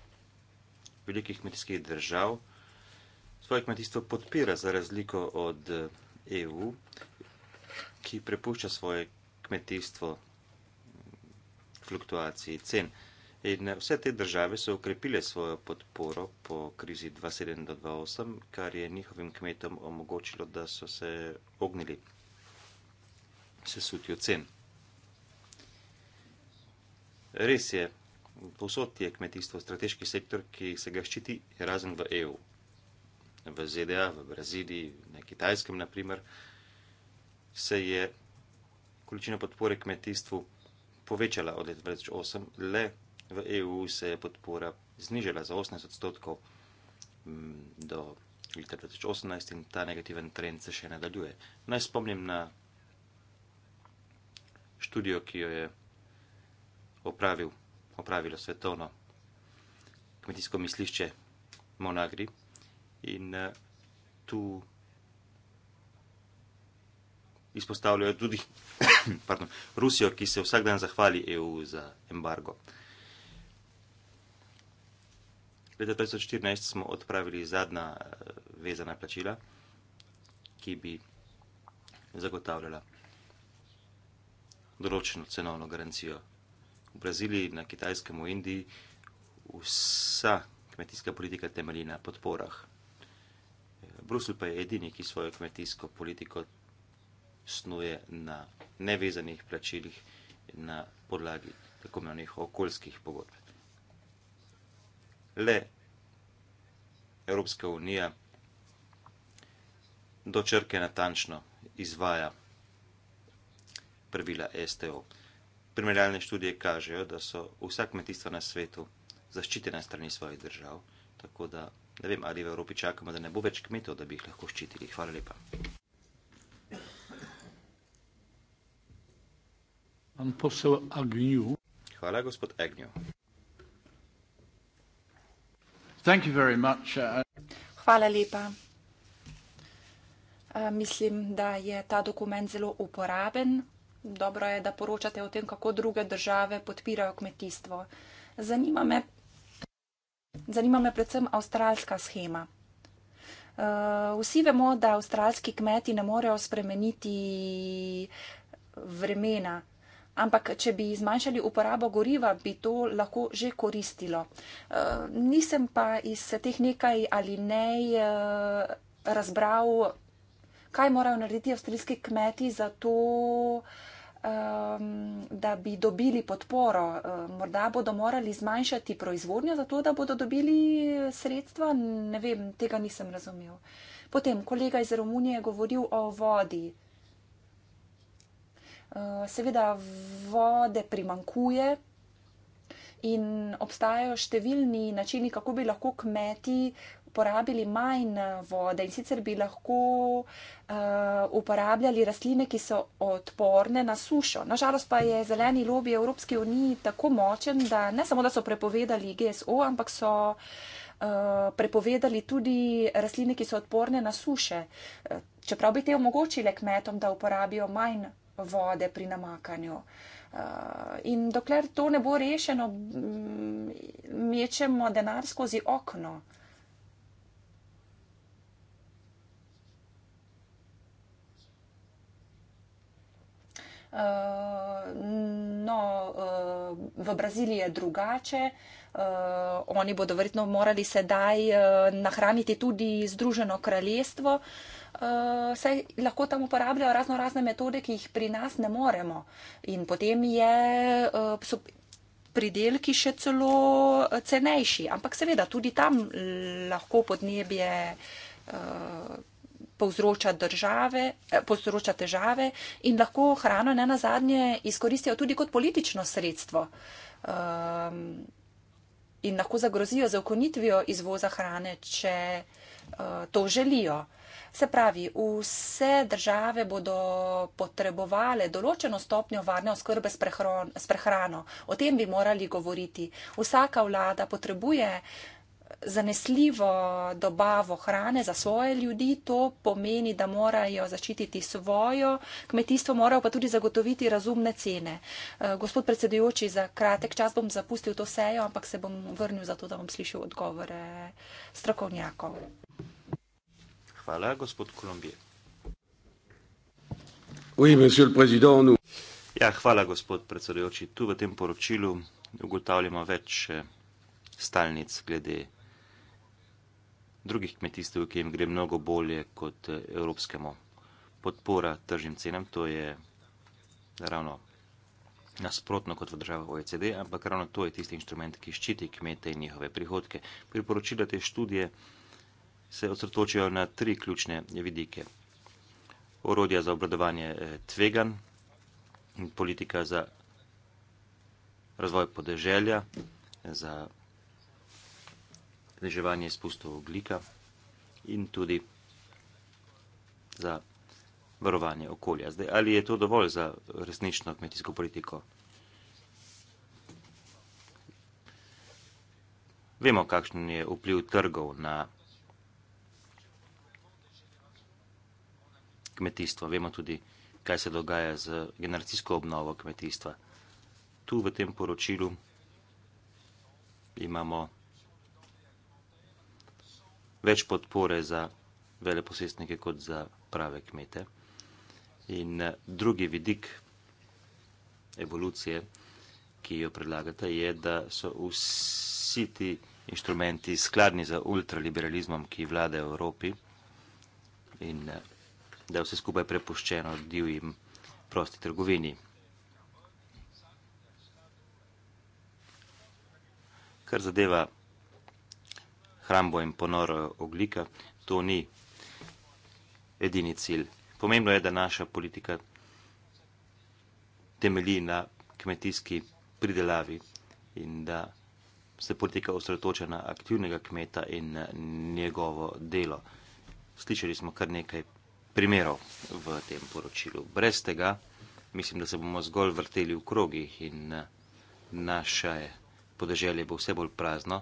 velikih kmetijskih držav svoje kmetijstvo podpira za razliko od EU, eh, e ki prepušča svoje kmetijstvo mm, fluktuaciji cen. Uh, In vse te države so ukrepile svojo podporo po krizi 2007-2008, kar je njihovim kmetom omogočilo, da so se ognili sesutju cen. Res je, posod je kmetijstvo strateški sektor, ki se ga ščiti razen v EU. V ZDA, v Braziliji, na Kitajskem, na primer, se je količina podpore kmetijstvu povečala od leta 2008 le v EU se je podpora znižala za 18 odstotkov mm, do leta 2018 in ta negativen trend se še nadaljuje. Naj spomnim na študijo, ki jo je opravil, opravilo svetovno kmetijsko mislišče Monagri in eh, tu izpostavljajo tudi pardon, Rusijo, ki se vsak dan zahvali EU za embargo leta 2014 smo odpravili zadnja eh, vezana plačila, ki bi zagotavljala določeno cenovno garancijo. V Braziliji, na Kitajskem, v Indiji vsa kmetijska politika temelji na podporah. Eh, Brusel pa je edini, ki svojo kmetijsko politiko snuje na nevezanih plačilih na podlagi tako imenovanih okoljskih pogodb le Evropska unija do črke natančno izvaja pravila STO. Primerjalne študije kažejo, da so vsa kmetijstva na svetu zaščitena strani svojih držav, tako da ne vem, ali v Evropi čakamo, da ne bo več kmetov, da bi jih lahko ščitili. Hvala lepa. Hvala, gospod Agnew. Thank you very much. Uh, Hvala lepa. Uh, mislim, da je ta dokument zelo uporaben. Dobro je, da poročate o tem, kako druge države podpirajo kmetijstvo. Zanima me, zanima me predvsem avstralska schema. Uh, vsi vemo, da avstralski kmeti ne morejo spremeniti vremena, Ampak, če bi zmanjšali uporabo goriva, bi to lahko že koristilo. Eh, nisem pa iz teh nekaj ali ne eh, razbral, kaj morajo narediti avstrijski kmeti za to, ehm, da bi dobili podporo. Eh, morda bodo morali zmanjšati proizvodnjo za to, da bodo dobili sredstva. Ne vem, tega nisem razumel. Potem kolega iz Romunije je govoril o vodi. Eh, seveda vode primankuje in obstajajo številni načini, kako bi lahko kmeti uporabili manj vode in sicer bi lahko uh, uporabljali rastline, ki so odporne na sušo. Nažalost pa je zeleni lobby Evropske unije tako močen, da ne samo, da so prepovedali GSO, ampak so uh, prepovedali tudi rastline, ki so odporne na suše. Čeprav bi te omogočile kmetom, da uporabijo manj vode pri namakanju. Eh, in dokler to ne bo rešeno, mm, mečemo denar skozi okno. Eh, no, eh, v Braziliji je drugače. Oni bodo verjetno morali sedaj nahraniti tudi Združeno kraljestvo uh, saj lahko tam uporabljajo razno razne metode, ki jih pri nas ne moremo. In potem je, uh, so pridelki še celo cenejši, ampak seveda tudi tam lahko podnebje. Uh, Povzroča, države, povzroča težave in lahko hrano ne na zadnje izkoristijo tudi kot politično sredstvo um, in lahko zagrozijo z okonitvijo izvoza hrane, če uh, to želijo. Se pravi, vse države bodo potrebovale določeno stopnjo varne oskrbe s, prehron, s prehrano. O tem bi morali govoriti. Vsaka vlada potrebuje zanesljivo dobavo hrane za svoje ljudi. To pomeni, da morajo zaščititi svojo kmetijstvo, morajo pa tudi zagotoviti razumne cene. Eh, gospod predsedujoči, za kratek čas bom zapustil to sejo, ampak se bom vrnil zato, da bom slišal odgovore strokovnjakov. Hvala, gospod Kolumbije. Ja, hvala, gospod predsedujoči. Tu v tem poročilu ugotavljamo več eh, stalnic glede drugih kmetijstv, ki jim gre mnogo bolje kot eh, evropskemu. Podpora tržnim cenam, to je ravno nasprotno kot v državah OECD, ampak ravno to je tisti inštrument, ki ščiti kmete in njihove prihodke. Priporočila te študije se osredotočajo na tri ključne vidike. Orodja za obradovanje eh, tvegan, politika za razvoj podeželja, eh, za zniževanje izpustov oglika in tudi za varovanje okolja. Zdaj, ali je to dovolj za resnično kmetijsko politiko? Vemo, kakšen je vpliv trgov na kmetijstvo, vemo tudi, kaj se dogaja z generacijsko obnovo kmetijstva. Tu v tem poročilu imamo več podpore za veleposestnike kot za prave kmete. In eh, drugi vidik evolucije, ki jo predlagate, je, da so vsi ti inštrumenti skladni za ultraliberalizmom, ki vlade v Evropi in eh, da je vse skupaj prepuščeno divjim prosti trgovini. Kar zadeva hrambo in ponoro eh, oglika, to ni edini cilj. Pomembno je, da naša politika temelji na kmetijski pridelavi in da se politika osredotoča na aktivnega kmeta in eh, njegovo delo. Slišali smo kar nekaj primerov v tem poročilu. Brez tega mislim, da se bomo zgolj vrteli v krogih in eh, naše podeželje bo vse bolj prazno.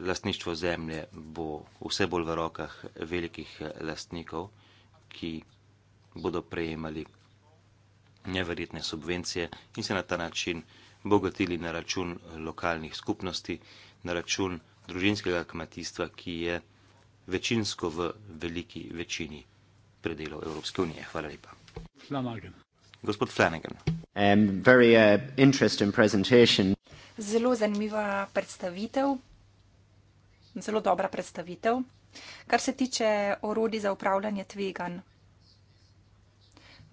Lastništvo zemlje bo vse bolj v rokah velikih eh, lastnikov, ki bodo prejemali neverjetne subvencije in se na ta način bogatili na račun eh, lokalnih skupnosti, na račun družinskega kmetijstva, ki je večinsko v veliki večini predelov Evropske unije. Hvala lepa. Flanagan. Gospod Flanagan. Um, very, uh, zelo zanimiva predstavitev, zelo dobra predstavitev, kar se tiče orodi za upravljanje tvegan.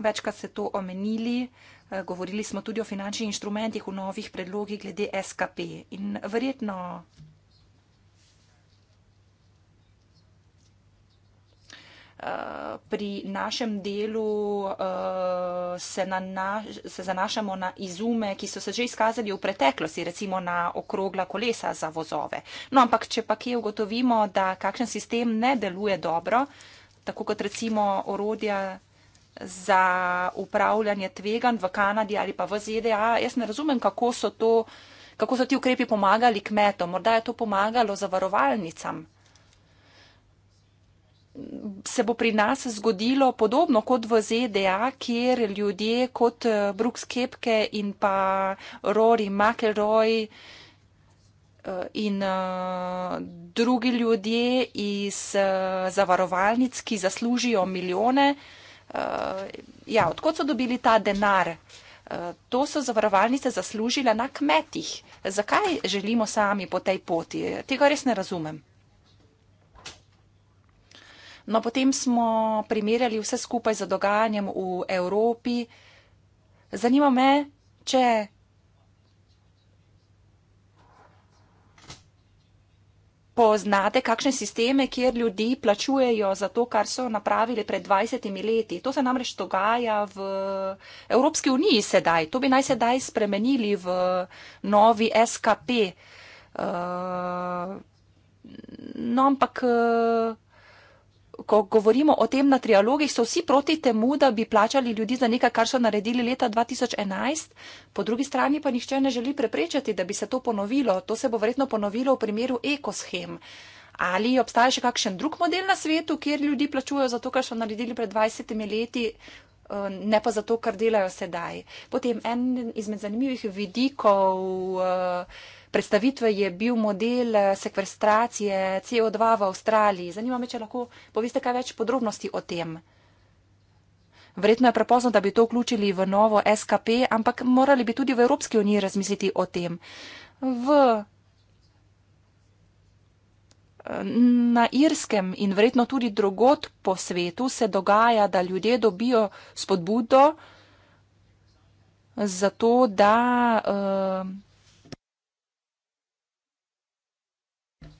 Večkrat ste to omenili, eh, govorili smo tudi o finančnih inštrumentih v novih predlogih glede SKP in verjetno Eh, pri našem delu uh, se, nanaš, se zanašamo na izume, ki so se že izkazali v preteklosti, recimo na okrogla kolesa za vozove. No, ampak če pa kje ugotovimo, da kakšen sistem ne deluje dobro, tako kot recimo orodja za upravljanje tvegan v Kanadi ali pa v ZDA, jaz ne razumem, kako so, to, kako so ti ukrepi pomagali kmetom. Morda je to pomagalo zavarovalnicam se bo pri nas zgodilo podobno kot v ZDA, kjer ljudje kot eh, Brooks Kepke in pa Rory McElroy eh, in eh, drugi ljudje iz zavarovalnic, ki zaslužijo milijone. Ja, odkot so dobili ta denar? To so zavarovalnice zaslužile na kmetih. Zakaj želimo sami po tej poti? Tega res ne razumem. No, potem smo primerjali vse skupaj z dogajanjem v Evropi. Zanima me, če. Poznate kakšne sisteme, kjer ljudi plačujejo za to, kar so napravili pred 20 leti. To se namreč dogaja v Evropski uniji sedaj. To bi naj sedaj spremenili v novi SKP. Uh, eh, no, ampak. Uh, ko govorimo o tem na trialogih, so vsi proti temu, da bi plačali ljudi za nekaj, kar so naredili leta 2011, po drugi strani pa nihče ne želi preprečiti, da bi se to ponovilo. To se bo verjetno ponovilo v primeru ekoshem. Ali obstaja še kakšen drug model na svetu, kjer ljudi plačujejo za to, kar so naredili pred 20 leti, eh, ne pa za to, kar delajo sedaj? Potem en izmed zanimivih vidikov. Uh, predstavitve je bil model eh, sekvestracije CO2 v Avstraliji. Zanima me, če lahko poveste kaj več podrobnosti o tem. Verjetno je prepozno, da bi to vključili v novo SKP, ampak morali bi tudi v Evropski uniji razmisliti o tem. V eh, Na Irskem in verjetno tudi drugot po svetu se dogaja, da ljudje dobijo spodbudo za to, da uh,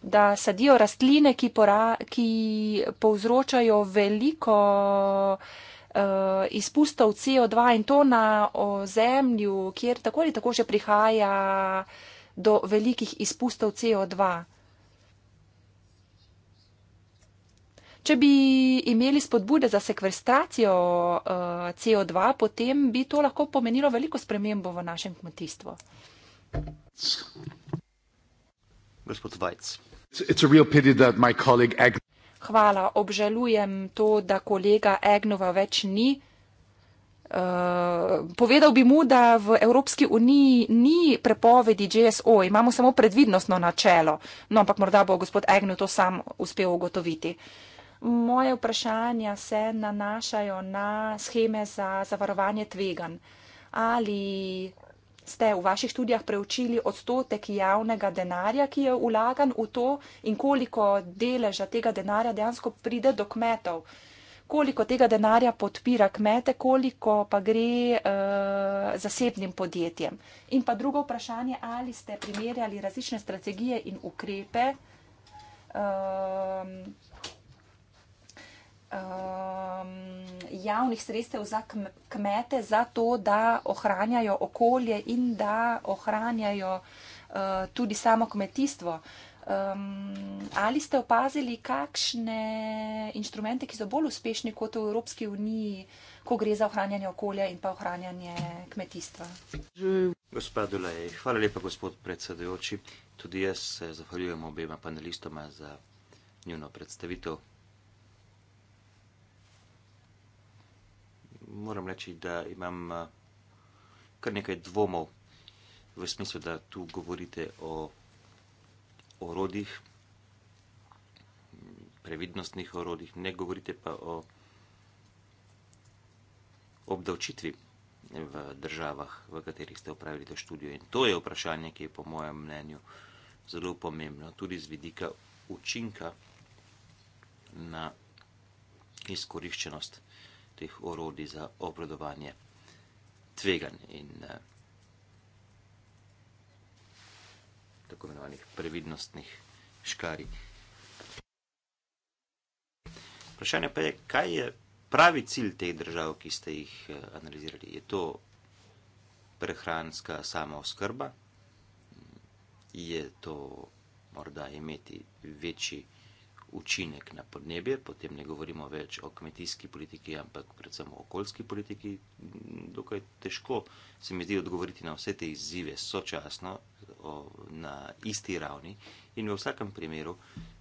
da sadijo rastline, ki, pora, ki povzročajo veliko eh, izpustov CO2 in to na ozemlju, kjer tako ali tako že prihaja do velikih izpustov CO2. Če bi imeli spodbude za sekvestracijo eh, CO2, potem bi to lahko pomenilo veliko spremembo v našem kmetijstvu. Gospod Vajc. Hvala, obžalujem to, da kolega Egnova več ni. Uh, povedal bi mu, da v Evropski uniji ni prepovedi GSO, imamo samo predvidnostno načelo. No, ampak morda bo gospod Egno to sam uspel ugotoviti. Moje vprašanja se nanašajo na scheme za zavarovanje tvegan. Ali ste v vaših študijah preučili odstotek javnega denarja, ki je vlagan v to in koliko deleža tega denarja dejansko pride do kmetov. Koliko tega denarja podpira kmete, koliko pa gre uh, zasebnim podjetjem. In pa drugo vprašanje, ali ste primerjali različne strategije in ukrepe. Uh, um, javnih sredstev za kmete, za to, da ohranjajo okolje in da ohranjajo uh, tudi samo kmetijstvo. Um, ali ste opazili, kakšne inštrumente, ki so bolj uspešni kot v Evropski uniji, ko gre za ohranjanje okolja in pa ohranjanje kmetijstva? Gospod Dulej, hvala lepa, gospod predsedujoči. Tudi jaz se zahvaljujem obema panelistoma za njuno predstavitev moram reči, da imam uh, kar nekaj dvomov v smislu, da tu govorite o orodjih, previdnostnih orodjih, ne govorite pa o obdavčitvi v državah, v katerih ste upravili to študijo. In to je vprašanje, ki je po mojem mnenju zelo pomembno, tudi z vidika učinka na izkoriščenost teh orodij za obrodovanje tveganj in eh, tako imenovanih previdnostnih škari. Vprašanje pa je, kaj je pravi cilj teh držav, ki ste jih eh, analizirali? Je to prehranska samooskrba? Je to morda imeti večji? učinek na podnebje, potem ne govorimo več o kmetijski politiki, ampak predvsem o okoljski politiki. Dokaj težko se mi zdi odgovoriti na vse te izzive sočasno na isti ravni in v vsakem primeru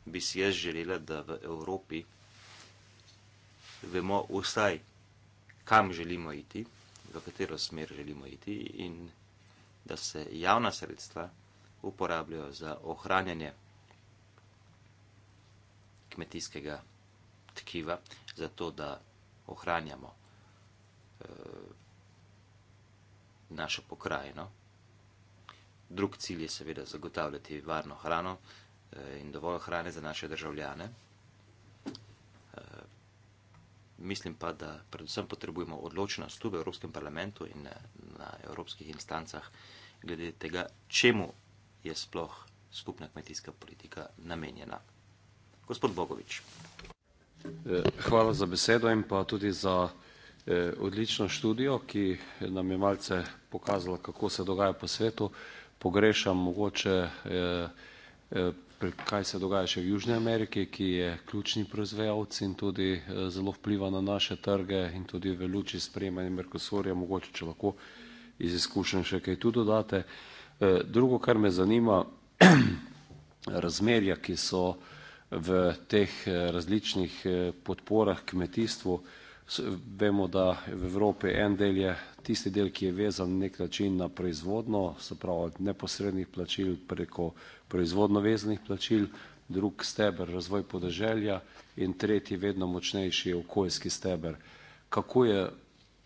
bi si jaz želela, da v Evropi vemo vsaj, kam želimo iti, v katero smer želimo iti in da se javna sredstva uporabljajo za ohranjanje kmetijskega tkiva, zato da ohranjamo eh, našo pokrajino. Drugi cilj je seveda zagotavljati varno hrano eh, in dovolj hrane za naše državljane. Eh, mislim pa, da predvsem potrebujemo odločenost tu v Evropskem parlamentu in eh, na evropskih instancah glede tega, čemu je sploh skupna kmetijska politika namenjena gospod Bogovič. Eh, hvala za besedo in pa tudi za eh, odlično študijo, ki nam je malce pokazala, kako se dogaja po svetu. Pogrešam mogoče, eh, kaj se dogaja še v Južni Ameriki, ki je ključni proizvajalec in tudi zelo vpliva na naše trge in tudi v luči sprejemanja Mercosurja, mogoče, če lahko iz izkušenj še kaj tu dodate. Drugo, kar me zanima, razmerja, ki so v teh eh, različnih eh, podporah kmetijstvu. Vemo, da v Evropi en del je tisti del, ki je vezan nek način na proizvodno, se pravi od neposrednih plačil preko proizvodno vezanih plačil, drug steber razvoj podeželja in tretji vedno močnejši okoljski steber. Kako, je,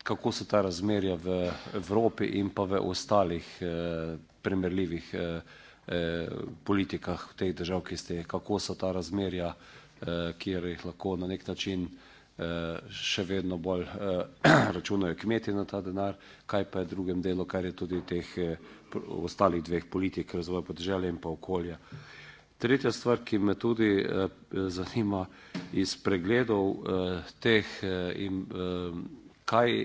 kako so ta razmerja v Evropi in pa v ostalih eh, primerljivih eh, Eh, politikah teh držav, ki ste, kako so ta razmerja, eh, kjer jih lahko na nek način eh, še vedno bolj računajo kmeti na ta denar, kaj pa je drugem delu, kar je tudi teh ostalih dveh politik, razvoja podeželja in pa okolja. Tretja stvar, ki me tudi zanima iz pregledov teh in kaj,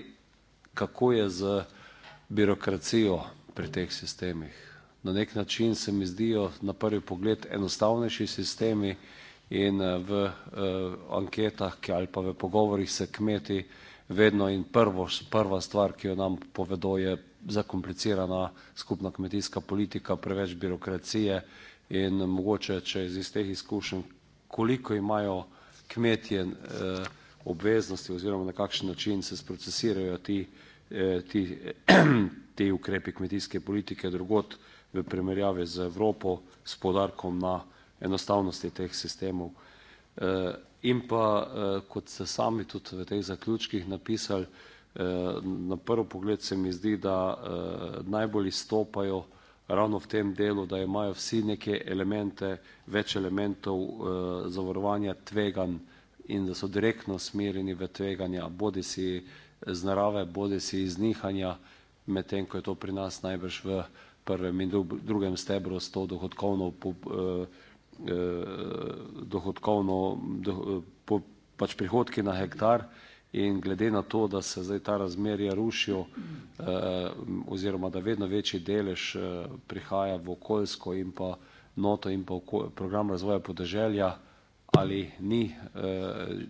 kako je z birokracijo pri teh sistemih, na nek način se mi zdijo na prvi pogled enostavnejši sistemi in eh, v eh, anketah ali pa v pogovorih se kmeti vedno in prva stvar, ki jo nam povedo, je zakomplicirana skupna kmetijska politika, preveč birokracije in eh, mogoče, če iz teh izkušenj, koliko imajo kmetje obveznosti oziroma na kakšen način se sprocesirajo ti ukrepi kmetijske politike drugot, v primerjavi z Evropo s podarkom na enostavnosti teh sistemov. Eh, in pa, eh, kot ste sami tudi v teh zaključkih napisali, eh, na prvi pogled se mi zdi, da najbolj izstopajo ravno v tem delu, da imajo vsi neke elemente, več elementov zavarovanja tveganj in da so direktno smerjeni v tveganja, bodi si z narave, bodi si iz nihanja, med tem, ko je to pri nas najbrž v tveganju prvem in drugem stebru s to dohodkovno, eh, eh, dohodkovno eh, pač prihodki na hektar in glede na to, da se zdaj ta razmerja rušijo oziroma da vedno večji delež prihaja v okoljsko in pa noto in pa program razvoja podeželja, ali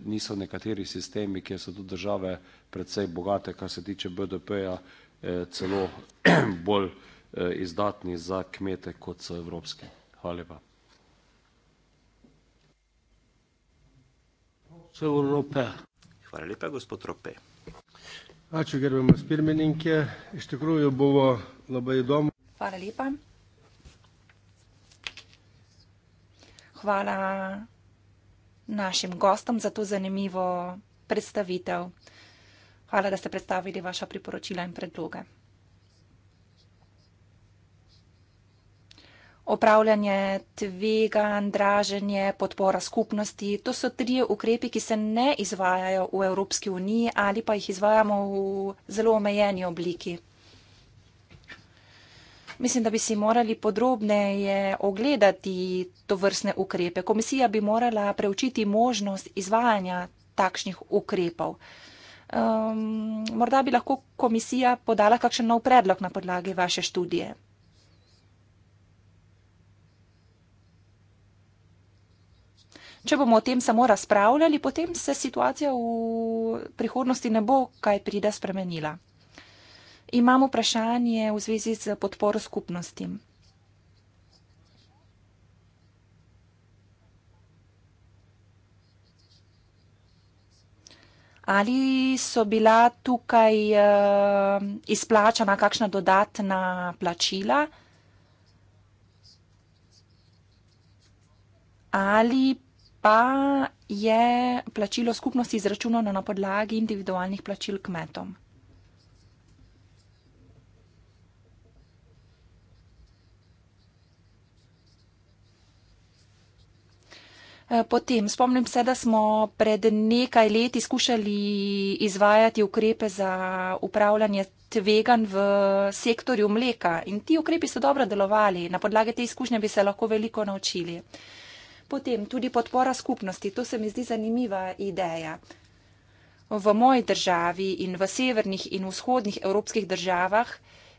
niso nekateri sistemi, kjer so tudi države predvsej bogate, kar se tiče BDP-ja, celo bolj vsega. Eh, izdatni za kmete, kot so evropski. Hvala lepa. Hvala lepa, gospod Rope. Ačiū gerbiamas pirmininkė, iš tikrųjų buvo labai įdomu. Hvala lepa. Hvala našim gostom za to zanimivo predstavitev. Hvala, da ste predstavili vaša priporočila in predloge. Opravljanje tvega, draženje, podpora skupnosti, to so tri ukrepi, ki se ne izvajajo v Evropski uniji ali pa jih izvajamo v zelo omejeni obliki. Mislim, da bi si morali podrobneje ogledati to vrstne ukrepe. Komisija bi morala preučiti možnost izvajanja takšnih ukrepov. Um, morda bi lahko komisija podala kakšen nov predlog na podlagi vaše študije. Če bomo o tem samo razpravljali, potem se situacija v prihodnosti ne bo kaj prida spremenila. Imamo vprašanje v zvezi z podporo skupnosti. Ali so bila tukaj uh, izplačana kakšna dodatna plačila? Ali pa je plačilo skupnosti izračunano na podlagi individualnih plačil kmetom. E, potem spomnim se, da smo pred nekaj leti skušali izvajati ukrepe za upravljanje tvegan v sektorju mleka in ti ukrepi so dobro delovali. Na podlagi te izkušnje bi se lahko veliko naučili. Uh, potem tudi podpora skupnosti. To se mi zdi zanimiva ideja. V moji državi in v severnih in vzhodnih evropskih državah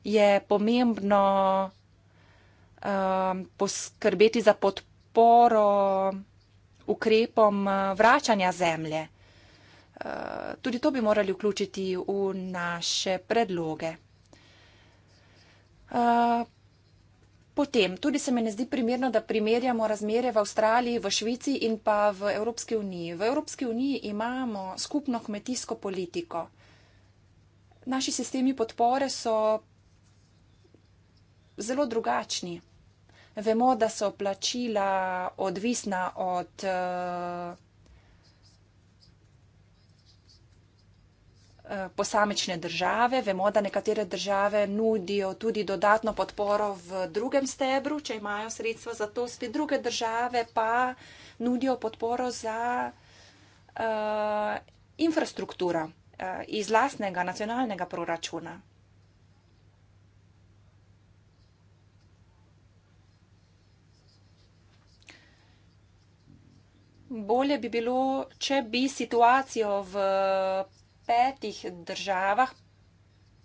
je pomembno um, poskrbeti za podporo ukrepom uh, vračanja zemlje. Uh, tudi to bi morali vključiti v naše predloge. Uh, Potem tudi se mi ne zdi primerno, da primerjamo razmere v Avstraliji, v Švici in pa v Evropski uniji. V Evropski uniji imamo skupno kmetijsko politiko. Naši sistemi podpore so zelo drugačni. Vemo, da so plačila odvisna od uh, posamične države. Vemo, da nekatere države nudijo tudi dodatno podporo v drugem stebru, če imajo sredstva za to, spet druge države pa nudijo podporo za uh, infrastrukturo uh, iz lastnega nacionalnega proračuna. Bolje bi bilo, če bi situacijo v petih državah,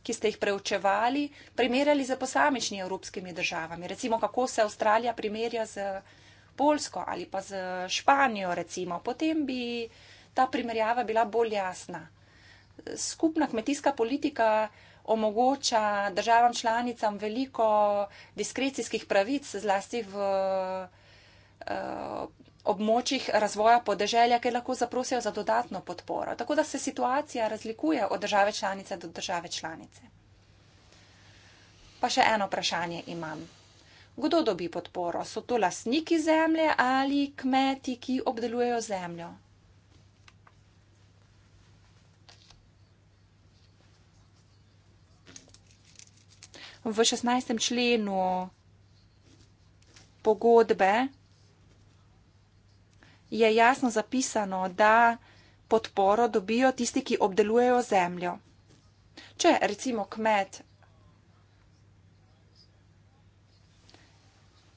ki ste jih preučevali, primerjali z posamičnimi evropskimi državami. Recimo, kako se Avstralija primerja z Polsko ali pa z Španijo, recimo. potem bi ta primerjava bila bolj jasna. Skupna kmetijska politika omogoča državam članicam veliko diskrecijskih pravic, zlasti v eh, območjih razvoja podeželja, ker lahko zaprosijo za dodatno podporo. Tako da se situacija razlikuje od države članice do države članice. Pa še eno vprašanje imam. Kdo dobi podporo? So to lastniki zemlje ali kmeti, ki obdelujejo zemljo? V 16. členu pogodbe je jasno zapisano, da podporo dobijo tisti, ki obdelujejo zemljo. Če recimo kmet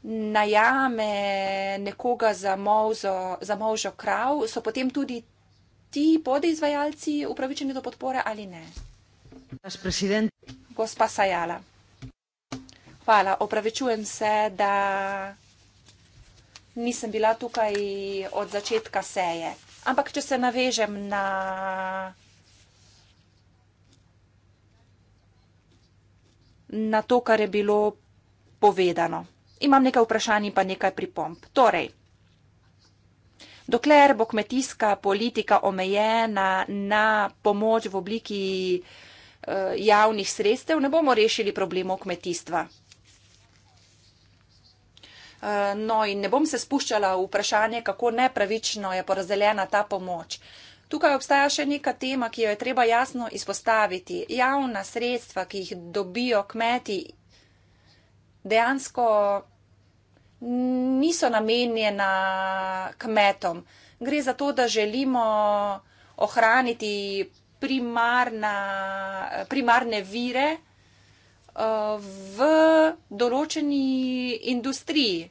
najame nekoga za, molzo, za molžo krav, so potem tudi ti podizvajalci upravičeni do podpore ali ne? Gospa Sajala. Hvala, opravičujem se, da nisem bila tukaj od začetka seje. Ampak, če se navežem na. na to, kar je bilo povedano. Imam nekaj vprašanj in pa nekaj pripomp. Torej, dokler bo kmetijska politika omejena na pomoč v obliki eh, javnih sredstev, ne bomo rešili problemov kmetijstva. Eh, no in ne bom se spuščala v vprašanje, kako nepravično je porazdeljena ta pomoč. Tukaj obstaja še neka tema, ki jo je treba jasno izpostaviti. Javna sredstva, ki jih dobijo kmeti, dejansko niso namenjena kmetom. Gre za to, da želimo ohraniti primarna, primarne vire, v določeni industriji.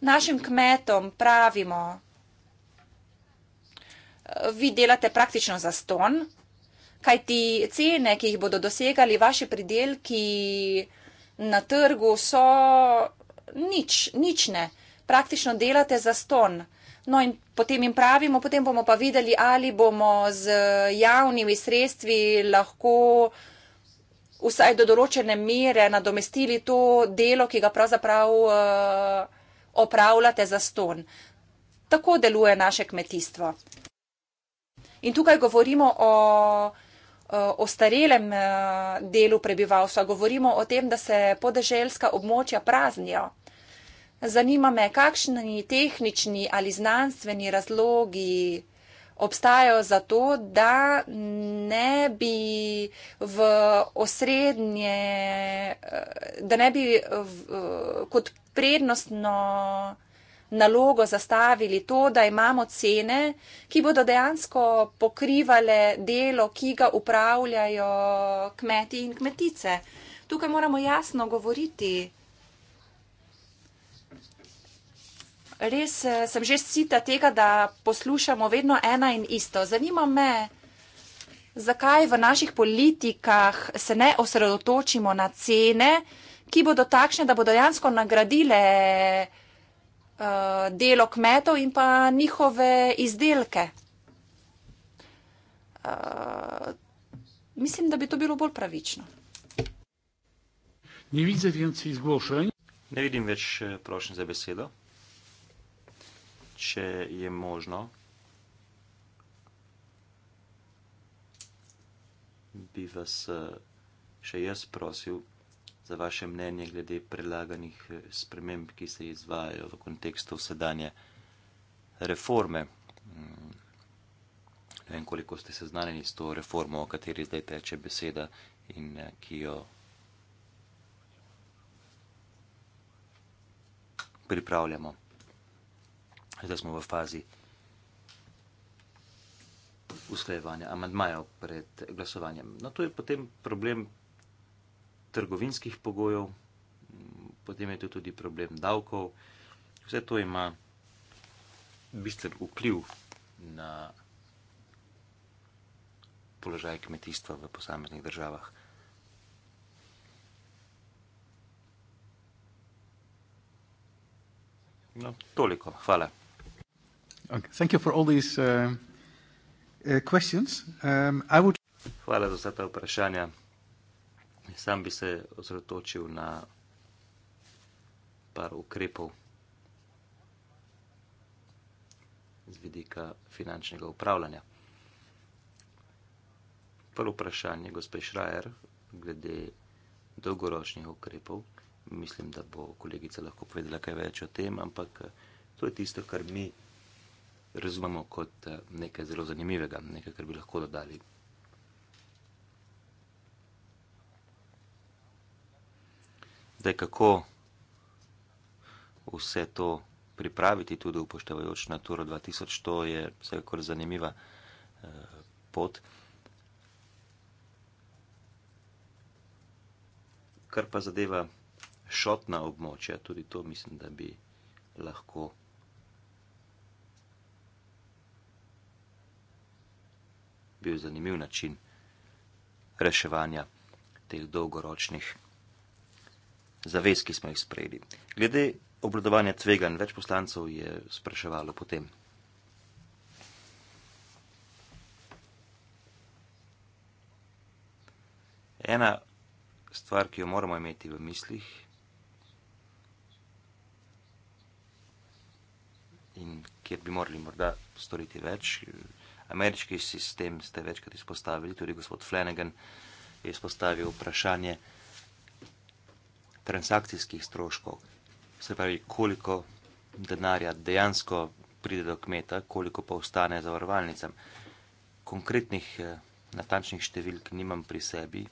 Našim kmetom pravimo, vi delate praktično za ston, kaj ti cene, ki jih bodo dosegali vaši pridelki na trgu, so nič, nič ne. Praktično delate za ston. No in potem jim pravimo, potem bomo pa videli, ali bomo z javnimi sredstvi lahko uh, vsaj do določene mere nadomestili to delo, ki ga pravzaprav eh, opravljate za ston. Tako deluje naše kmetijstvo. In tukaj govorimo o, eh, o starelem eh, delu prebivalstva, govorimo o tem, da se podeželska območja praznijo. Zanima me, kakšni tehnični ali znanstveni razlogi obstajajo zato, da ne bi v osrednje, eh, da ne bi v, eh, kot prednostno nalogo zastavili to, da imamo cene, ki bodo dejansko pokrivale delo, ki ga upravljajo kmeti in kmetice. Tukaj moramo jasno govoriti, Res eh, sem že sita tega, da poslušamo vedno ena in isto. Zanima me, zakaj v naših politikah se ne osredotočimo na cene, ki bodo takšne, da bodo dejansko nagradile uh, delo kmetov in pa njihove izdelke. Uh, mislim, da bi to bilo bolj pravično. Ne vidim več prošen za besedo če je možno. Bi vas eh, še jaz prosil za vaše mnenje glede predlaganih eh, sprememb, ki se izvajajo v kontekstu sedanje reforme. Mm. Ne vem, koliko ste seznanjeni s to reformo, o kateri zdaj teče beseda in eh, ki jo pripravljamo zdaj smo v fazi usklajevanja amandmajev pred glasovanjem. No, to je potem problem trgovinskih pogojev, potem je to tudi problem davkov. Vse to ima bistven vpliv na položaj kmetijstva v posameznih državah. No, toliko. Hvala. Okay. Thank you for all these uh, uh, questions. Um, I would... Hvala za vse ta vprašanja. Sam bi se osredotočil na par ukrepov z vidika finančnega upravljanja. Prvo vprašanje, gospod Šrajer, glede dolgoročnih ukrepov. Mislim, da bo kolegica lahko povedala kaj več o tem, ampak uh, to je tisto, kar mi razumemo kot eh, nekaj zelo zanimivega, nekaj, kar bi lahko dodali. Zdaj, kako vse to pripraviti, tudi upoštevajoč Naturo 2000, to je vsekakor zanimiva eh, pot. Kar pa zadeva šotna območja, tudi to mislim, da bi lahko bil zanimiv način reševanja teh dolgoročnih zavez, ki smo jih sprejeli. Glede obladovanja tvegan, več poslancev je spraševalo potem. Ena stvar, ki jo moramo imeti v mislih, in kjer bi morali morda storiti več, ameriški sistem, ste večkrat izpostavili, tudi gospod Flanagan je izpostavil vprašanje transakcijskih stroškov. Se pravi, koliko denarja dejansko pride do kmeta, koliko pa ostane za varovalnicam. Konkretnih eh, natančnih številk nimam pri sebi.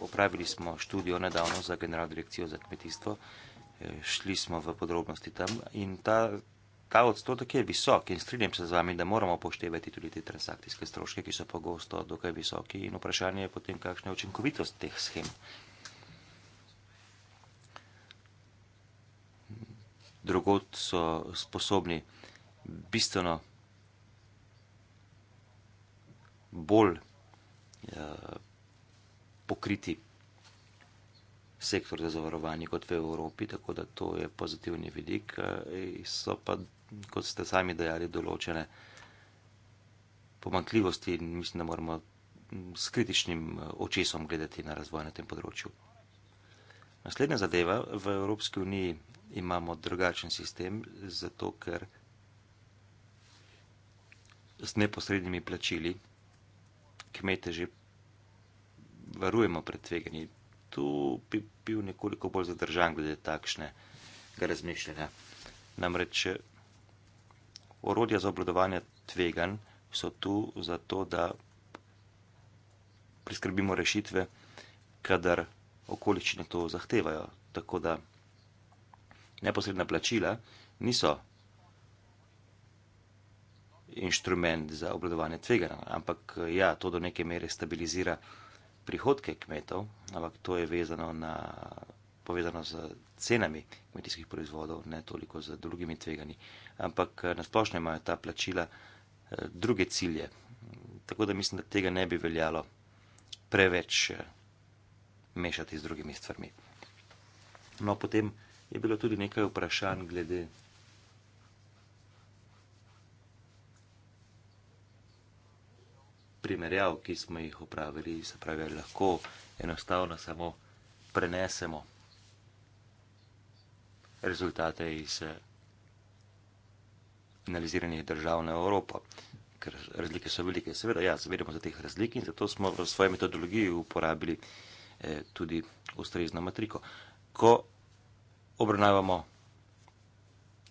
Opravili smo študijo nedavno za General Direkcijo za kmetijstvo, eh, šli smo v podrobnosti tam in ta ta odstotek je visok in strinjam se z vami, da moramo poštevati tudi te transakcijske stroške, ki so pogosto dokaj visoki in vprašanje je potem, kakšna je učinkovitost teh schem. Drugod so sposobni bistveno bolj eh, pokriti sektor za zavarovanje kot v Evropi, tako da to je pozitivni vidik. Eh, so pa kot ste sami dejali, določene pomankljivosti in mislim, da moramo s kritičnim eh, očesom gledati na razvoj na tem področju. Naslednja zadeva, v Evropski uniji imamo drugačen sistem, zato ker s neposrednimi plačili kmete že varujemo pred tveganji. Tu bi bil nekoliko bolj zadržan glede takšnega razmišljanja. Namreč Orodja za obvladovanje tveganj so tu zato, da priskrbimo rešitve, kadar okoliščine to zahtevajo. Tako da neposredna plačila niso inštrument za obvladovanje tveganj, ampak ja, to do neke mere stabilizira prihodke kmetov, ampak to je vezano na povezano z cenami kmetijskih proizvodov, ne toliko z drugimi tveganji, ampak eh, nasplošno imajo ta plačila eh, druge cilje. Tako da mislim, da tega ne bi veljalo preveč eh, mešati z drugimi stvarmi. No, potem je bilo tudi nekaj vprašanj glede. Ki smo jih upravili, se pravi, lahko enostavno samo prenesemo rezultate iz analiziranih eh, držav na Evropo, ker razlike so velike. Seveda, ja, zavedamo se teh razlik in zato smo v svoji metodologiji uporabili eh, tudi ustrezno matriko. Ko obravnavamo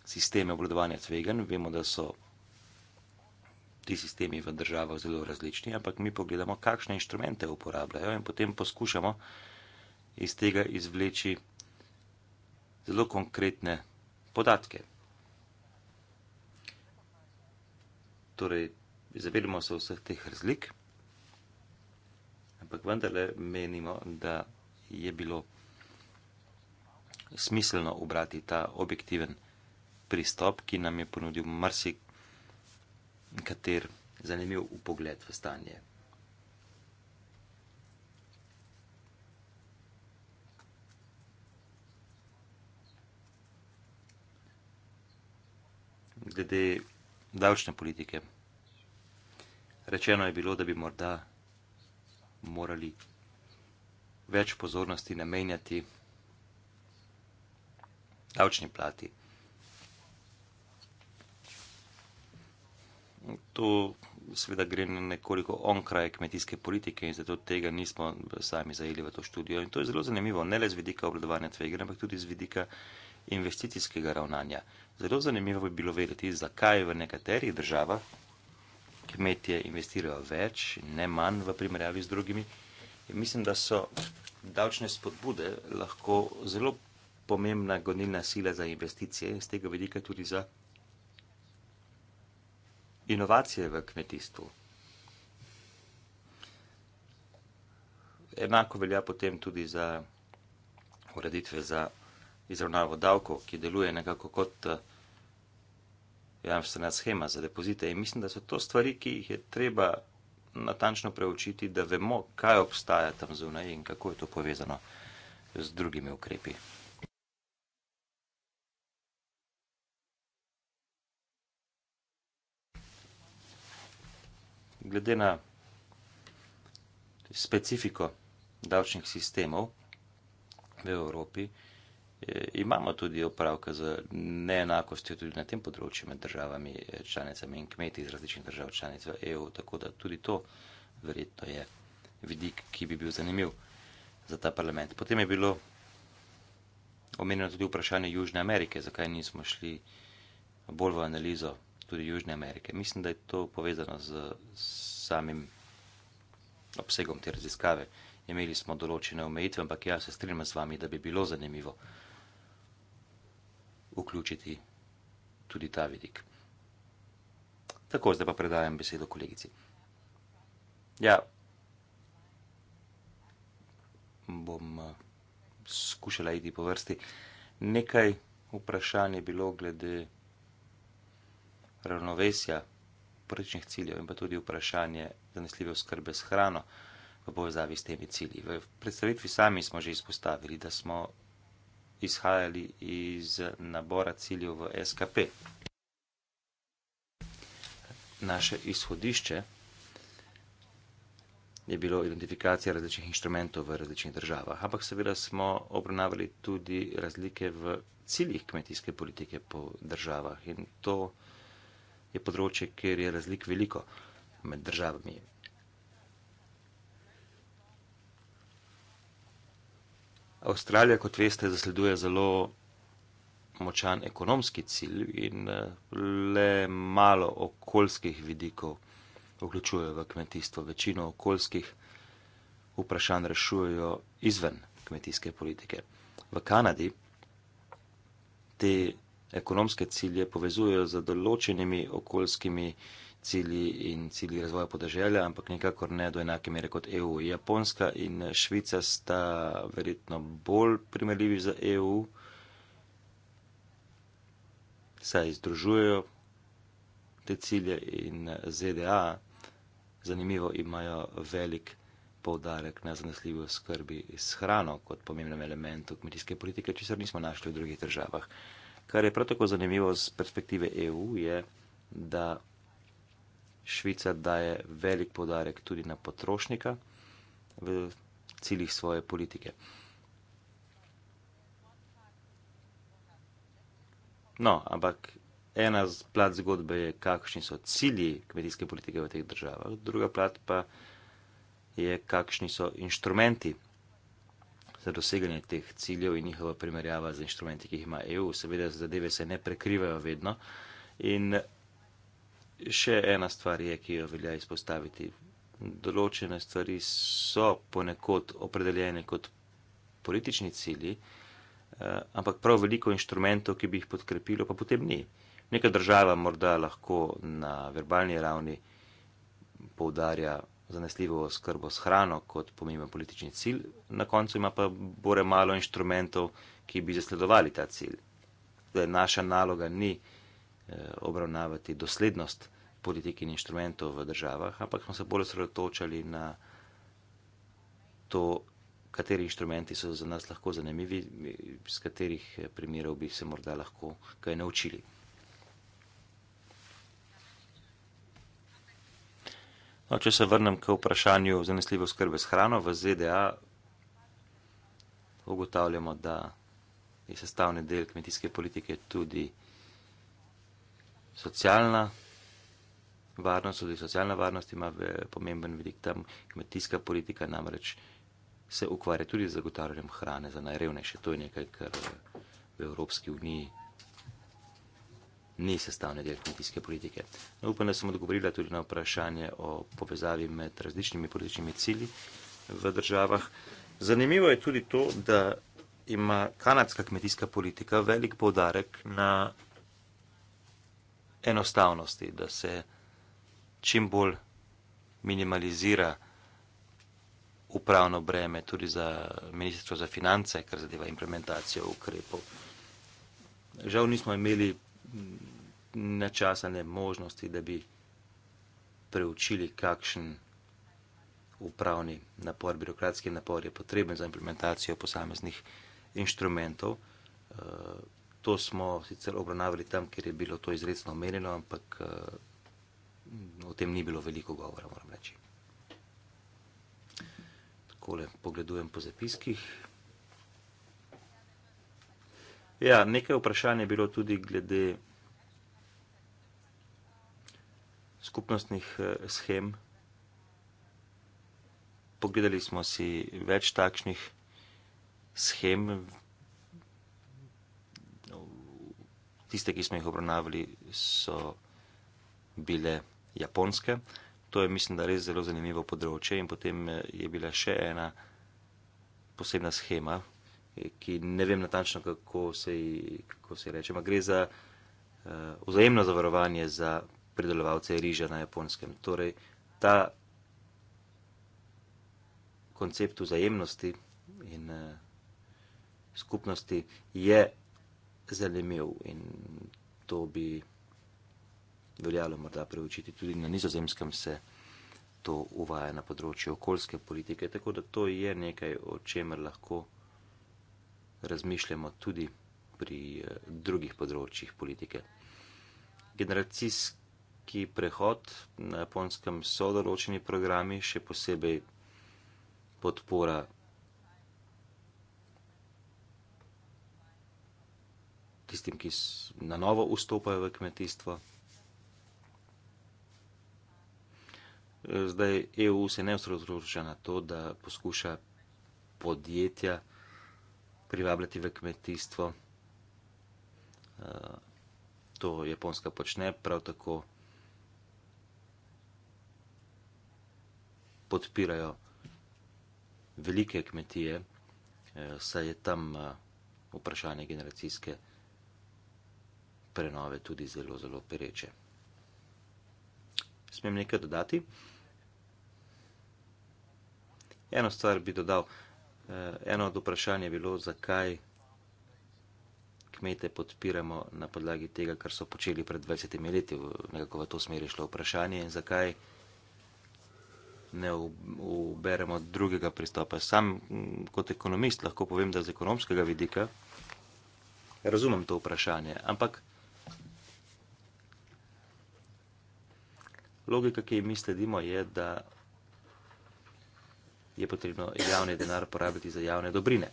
sisteme obladovanja tvegan, vemo, da so ti sistemi v državah zelo različni, ampak mi pogledamo, kakšne inštrumente uporabljajo in potem poskušamo iz tega izvleči zelo konkretne podatke. Torej, zavedamo se vseh teh razlik, ampak vendarle menimo, da je bilo smiselno obrati ta objektiven pristop, ki nam je ponudil marsikater zanimiv upogled v stanje. glede davčne politike. Rečeno je bilo, da bi morda morali več pozornosti namenjati davčni plati. To seveda gre nekoliko onkraj kmetijske politike in zato tega nismo sami zajeli v to študijo. In to je zelo zanimivo, ne le z vidika obladovanja tvega, ampak tudi z vidika investicijskega ravnanja. Zelo zanimivo bi bilo vedeti, zakaj v nekaterih državah kmetije investirajo več in ne manj v primerjavi z drugimi. In mislim, da so davčne spodbude lahko zelo pomembna gonilna sila za investicije in z tega vidika tudi za inovacije v kmetijstvu. Enako velja potem tudi za ureditve za izravnavo davkov, ki deluje nekako kot eh, javnostna schema za depozite. In mislim, da so to stvari, ki jih je treba natančno preučiti, da vemo, kaj obstaja tam zunaj in kako je to povezano z drugimi ukrepi. Glede na specifiko davčnih sistemov v Evropi, E, imamo tudi opravka z neenakostjo tudi na tem področju med državami e, članicami in kmeti iz različnih držav članic v EU, tako da tudi to verjetno je vidik, ki bi bil zanimiv za ta parlament. Potem je bilo omenjeno tudi vprašanje Južne Amerike, zakaj nismo šli bolj v analizo tudi Južne Amerike. Mislim, da je to povezano z samim obsegom te raziskave. Imeli smo določene omejitve, ampak jaz se strinjam z vami, da bi bilo zanimivo vključiti tudi ta vidik. Tako, zdaj pa predajam besedo kolegici. Ja, bom eh, skušala iti po vrsti. Nekaj vprašanj je bilo glede ravnovesja prvičnih ciljev in pa tudi vprašanje zanesljive oskrbe s hrano v povezavi s temi cilji. V predstavitvi sami smo že izpostavili, da smo izhajali iz nabora ciljev v SKP. Naše izhodišče je bilo identifikacija različnih inštrumentov v različnih državah, ampak seveda smo obravnavali tudi razlike v ciljih kmetijske politike po državah in to je področje, kjer je razlik veliko med državami. Avstralija, kot veste, zasleduje zelo močan ekonomski cilj in eh, le malo okoljskih vidikov vključujejo v kmetijstvo. Večino okoljskih vprašanj rešujejo izven kmetijske politike. V Kanadi te ekonomske cilje povezujejo z določenimi okoljskimi vidikami cilji in cilji razvoja podeželja, ampak nikakor ne do enake mere kot EU. Japonska in Švica sta verjetno bolj primerljivi za EU, saj združujejo te cilje in ZDA, zanimivo, imajo velik povdarek na zanesljivo skrbi s hrano kot pomembnem elementu kmetijske politike, če se nismo našli v drugih državah. Kar je prav tako zanimivo z perspektive EU, je, da Švica daje velik podarek tudi na potrošnika v ciljih svoje politike. No, ampak ena plat zgodbe je, kakšni so cilji kmetijske politike v teh državah, druga plat pa je, kakšni so inštrumenti za doseganje teh ciljev in njihova primerjava z inštrumenti, ki jih ima EU. Seveda, zadeve se ne prekrivajo vedno in Še ena stvar je, ki jo velja izpostaviti. Določene stvari so ponekod opredeljene kot politični cilji, eh, ampak prav veliko inštrumentov, ki bi jih podkrepilo, pa potem ni. Neka država morda lahko na verbalni ravni poudarja zanesljivo skrbo s hrano kot pomemben politični cilj, na koncu ima pa bore malo inštrumentov, ki bi zasledovali ta cilj. Zdaj, torej, naša naloga ni. Eh, obravnavati doslednost politik in inštrumentov v državah, ampak smo se bolj osredotočali na to, kateri inštrumenti so za nas lahko zanimivi, iz katerih eh, primerov bi se morda lahko kaj naučili. No, če se vrnem k vprašanju zanesljive skrbe s hrano, v ZDA ugotavljamo, da je sestavni del kmetijske politike tudi socialna varnost, tudi socialna varnost ima eh, pomemben vidik tam. Kmetijska politika namreč se ukvarja tudi z zagotavljanjem hrane za najrevnejše. To je nekaj, kar eh, v Evropski uniji ni sestavni del kmetijske politike. No, upam, da sem odgovorila tudi na vprašanje o povezavi med različnimi političnimi cilji v državah. Zanimivo je tudi to, da ima kanadska kmetijska politika velik podarek na enostavnosti, da se čim bolj minimalizira upravno breme tudi za ministrstvo za finance, kar zadeva implementacijo ukrepov. Žal nismo imeli mm, načasane možnosti, da bi preučili, kakšen upravni napor, birokratski napor je potreben za implementacijo posameznih inštrumentov. Uh, To smo sicer obravnavali tam, kjer je bilo to izredno omenjeno, ampak eh, o tem ni bilo veliko govora, moram reči. Takole pogledujem po zapiskih. Ja, nekaj vprašanj je bilo tudi glede skupnostnih eh, schem. Pogledali smo si več takšnih schem, Tiste, ki smo jih obravnavali, so bile japonske. To je, mislim, da res zelo zanimivo področje. In potem eh, je bila še ena posebna schema, eh, ki ne vem natančno, kako se, kako se reče. Ma gre za uh, vzajemno zavarovanje za pridelovalce riža na japonskem. Torej, ta koncept vzajemnosti in uh, skupnosti je zanimiv in to bi veljalo morda preučiti. Tudi na nizozemskem se to uvaja na področju okoljske politike, tako da to je nekaj, o čemer lahko razmišljamo tudi pri eh, drugih področjih politike. Generacijski prehod na japonskem so določeni programi, še posebej podpora tistim, ki na novo vstopajo v kmetijstvo. Zdaj EU se ne osredotoča na to, da poskuša podjetja privabljati v kmetijstvo. Eh, to Japonska počne prav tako. Podpirajo velike kmetije, eh, saj je tam eh, vprašanje generacijske prenove tudi zelo, zelo pereče. Smem nekaj dodati? Eno stvar bi dodal. Eh, eno od vprašanj je bilo, zakaj kmete podpiramo na podlagi tega, kar so počeli pred 20 leti, nekako v to smer je šlo vprašanje in zakaj ne uberemo drugega pristopa. Sam mm, kot ekonomist lahko povem, da z ekonomskega vidika razumem to vprašanje, ampak logika, ki jo mi sledimo, je, da je potrebno javni denar porabiti za javne dobrine.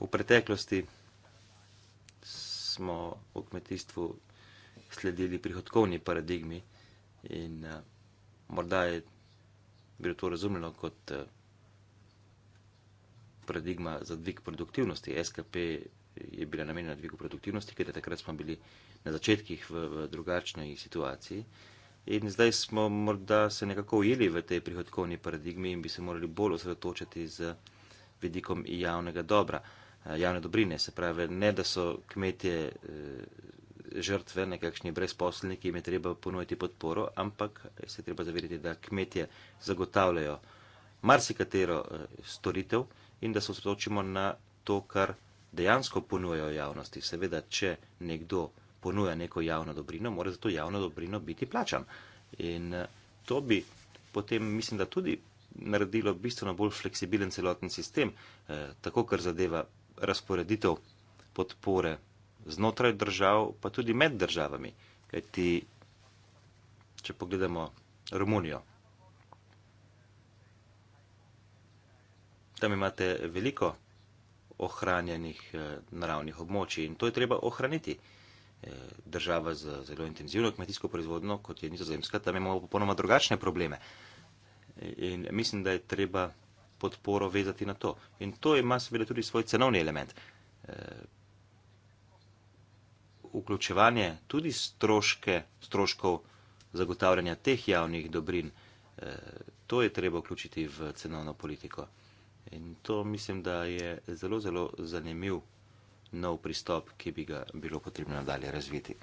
V preteklosti smo v kmetijstvu sledili prihodkovni paradigmi in uh, morda je bilo to razumljeno kot uh, paradigma za dvig produktivnosti. SKP je bila namenjena dvigu produktivnosti, ker takrat smo bili na začetkih v, v drugačni situaciji. In zdaj smo morda se nekako ujeli v tej prihodkovni paradigmi in bi se morali bolj osredotočiti z vidikom javnega dobra, eh, javne dobrine. Se pravi, ne da so kmetje eh, žrtve, nekakšni brezposelni, ki jim je treba ponuditi podporo, ampak se treba zavedati, da kmetje zagotavljajo marsikatero eh, storitev in da se osredotočimo na to, kar dejansko ponujajo javnosti. Seveda, če nekdo ponuja neko javno dobrino, mora za to javno dobrino biti plačan. In eh, to bi potem, mislim, da tudi naredilo bistveno bolj fleksibilen celoten sistem, eh, tako kar zadeva razporeditev podpore znotraj držav, pa tudi med državami. Kaj ti, če pogledamo Romunijo, tam imate veliko ohranjenih eh, naravnih območij in to je treba ohraniti. Eh, država z zelo intenzivno kmetijsko proizvodno, kot je nizozemska, tam imamo popolnoma drugačne probleme. In mislim, da je treba podporo vezati na to. In to ima seveda tudi svoj cenovni element. Eh, vključevanje tudi stroške, stroškov zagotavljanja teh javnih dobrin, to je treba vključiti v cenovno politiko. In to mislim, da je zelo, zelo zanimiv nov pristop, ki bi ga bilo potrebno nadalje razviti.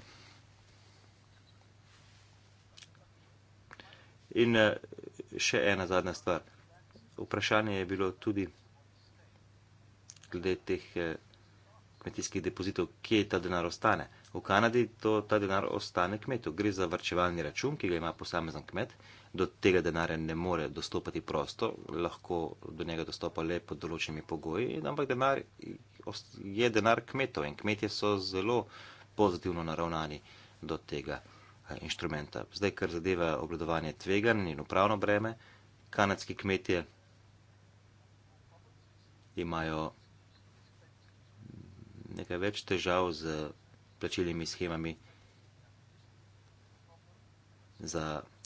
In eh, še ena zadnja stvar. Vprašanje je bilo tudi glede teh. Eh, kmetijskih depozitov, kje ta denar ostane. V Kanadi to, ta denar ostane kmetu, gre za vrčevalni račun, ki ga ima posamezen kmet, do tega denarja ne more dostopati prosto, lahko do njega dostopa le pod določenimi pogoji, ampak denar je denar kmetov in kmetje so zelo pozitivno naravnani do tega eh, inštrumenta. Zdaj, kar zadeva obladovanje tvegan in upravno breme, kanadski kmetje imajo nekaj več težav z plačilnimi schemami za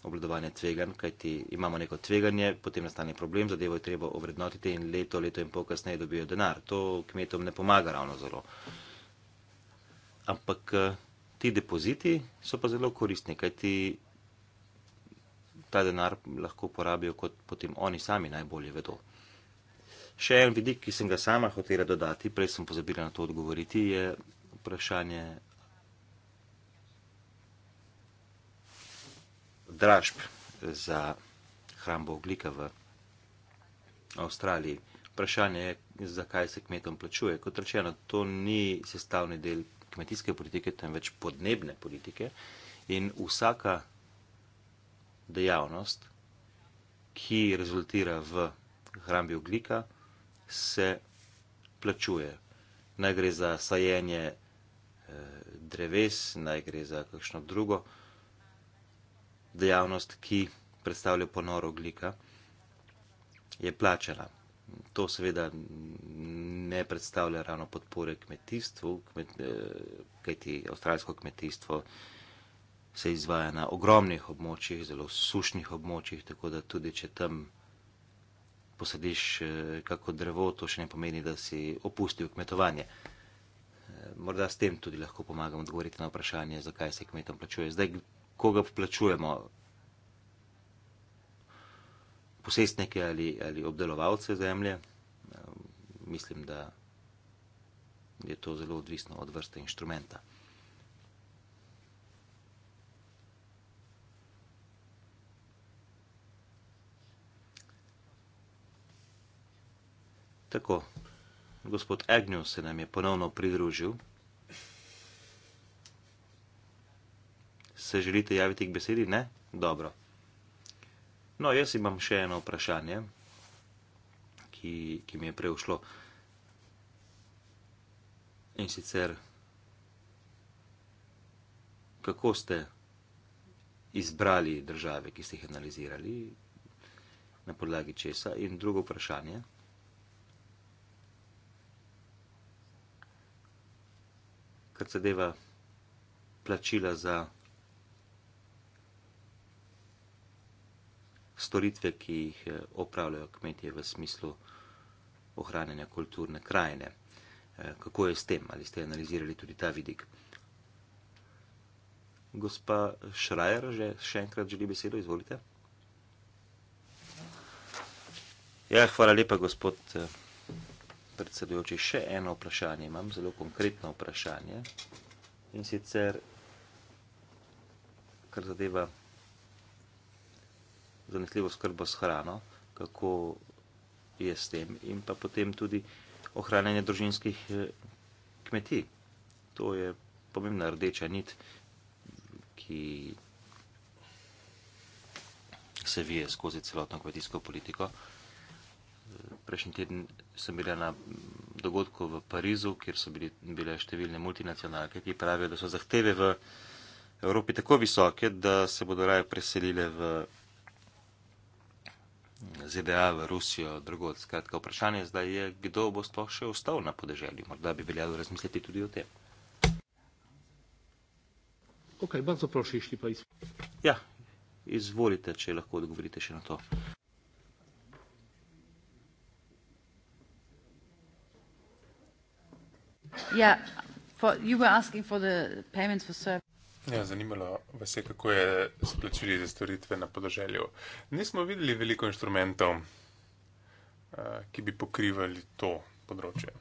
obladovanje tveganj, kajti imamo neko tveganje, potem nastane problem, zadevo je treba ovrednotiti in leto, leto in pol kasneje dobijo denar. To kmetom ne pomaga ravno zelo. Ampak eh, ti depoziti so pa zelo koristni, kajti ta denar lahko porabijo, kot potem oni sami najbolje vedo. Še en vidik, ki sem ga sama hotela dodati, prej sem pozabila na to odgovoriti, je vprašanje dražb za hrambo oglika v Avstraliji. Vprašanje je, zakaj se kmetom plačuje. Kot rečeno, to ni sestavni del kmetijske politike, temveč podnebne politike in vsaka dejavnost, ki rezultira v hrambi oglika, se plačuje. Naj gre za sajenje eh, dreves, naj gre za kakšno drugo dejavnost, ki predstavlja ponor oglika, je plačena. To seveda ne predstavlja ravno podpore kmetijstvu, kmet, eh, kajti avstralsko kmetijstvo se izvaja na ogromnih območjih, zelo sušnih območjih, tako da tudi če tam posadiš eh, kako drevo, to še ne pomeni, da si opustil kmetovanje. Eh, morda s tem tudi lahko pomagam odgovoriti na vprašanje, zakaj se kmetom plačuje. Zdaj, koga plačujemo? Posestnike ali, ali obdelovalce zemlje? Mislim, da je to zelo odvisno od vrste inštrumenta. Tako, gospod Agnew se nam je ponovno pridružil. Se želite javiti k besedi? Ne? Dobro. No, jaz imam še eno vprašanje, ki, ki mi je preušlo. In sicer, kako ste izbrali države, ki ste jih analizirali, na podlagi česa? In drugo vprašanje. kar zadeva plačila za storitve, ki jih eh, opravljajo kmetje v smislu ohranjanja kulturne krajine. Eh, kako je s tem? Ali ste analizirali tudi ta vidik? Gospa Šrajer, že, še enkrat želi besedo, izvolite. Ja, hvala lepa, gospod eh, predsedujoči, še eno vprašanje imam, zelo konkretno vprašanje. In sicer, kar zadeva zanesljivo skrbo s hrano, kako je s tem, in pa potem tudi ohranjanje družinskih eh, kmetij. To je pomembna rdeča nit, ki se vije skozi celotno kmetijsko politiko. Eh, prejšnji teden sem bila na dogodku v Parizu, kjer so bili, bile številne multinacionalke, ki pravijo, da so zahteve v Evropi tako visoke, da se bodo raje preselile v ZDA, v Rusijo, drugod. Skratka, vprašanje zdaj je, kdo bo sploh še ostal na podeželju. Morda bi veljalo razmisliti tudi o tem. Ok, bardzo proszę, jeśli Państwo. Ja, izwolite, czy lahko odgovorite še na to. Yeah, ja, for, you were asking for the payments for service. Ja, zanimalo vas je, kako je s plačili za storitve na podoželju. Nismo videli veliko inštrumentov, eh, ki bi pokrivali to področje.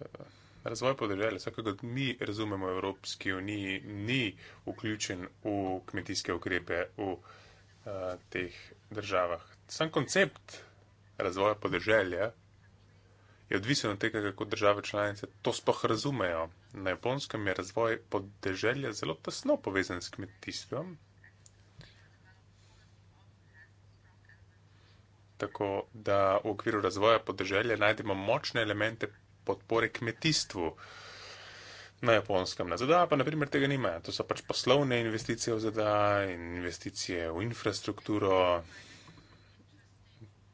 Eh, razvoj podoželja, vsakega mi razumemo v Evropski uniji, ni vključen v kmetijske ukrepe v eh, teh državah. Sam koncept razvoja podoželja je odvisno od tega, kako države članice to sploh razumejo. Na japonskem je razvoj podeželja zelo tesno povezan s kmetijstvom. Tako da v okviru razvoja podeželja najdemo močne elemente podpore kmetijstvu na japonskem. Na ZDA pa naprimer tega nimajo. To so pač poslovne investicije v ZDA in investicije v infrastrukturo.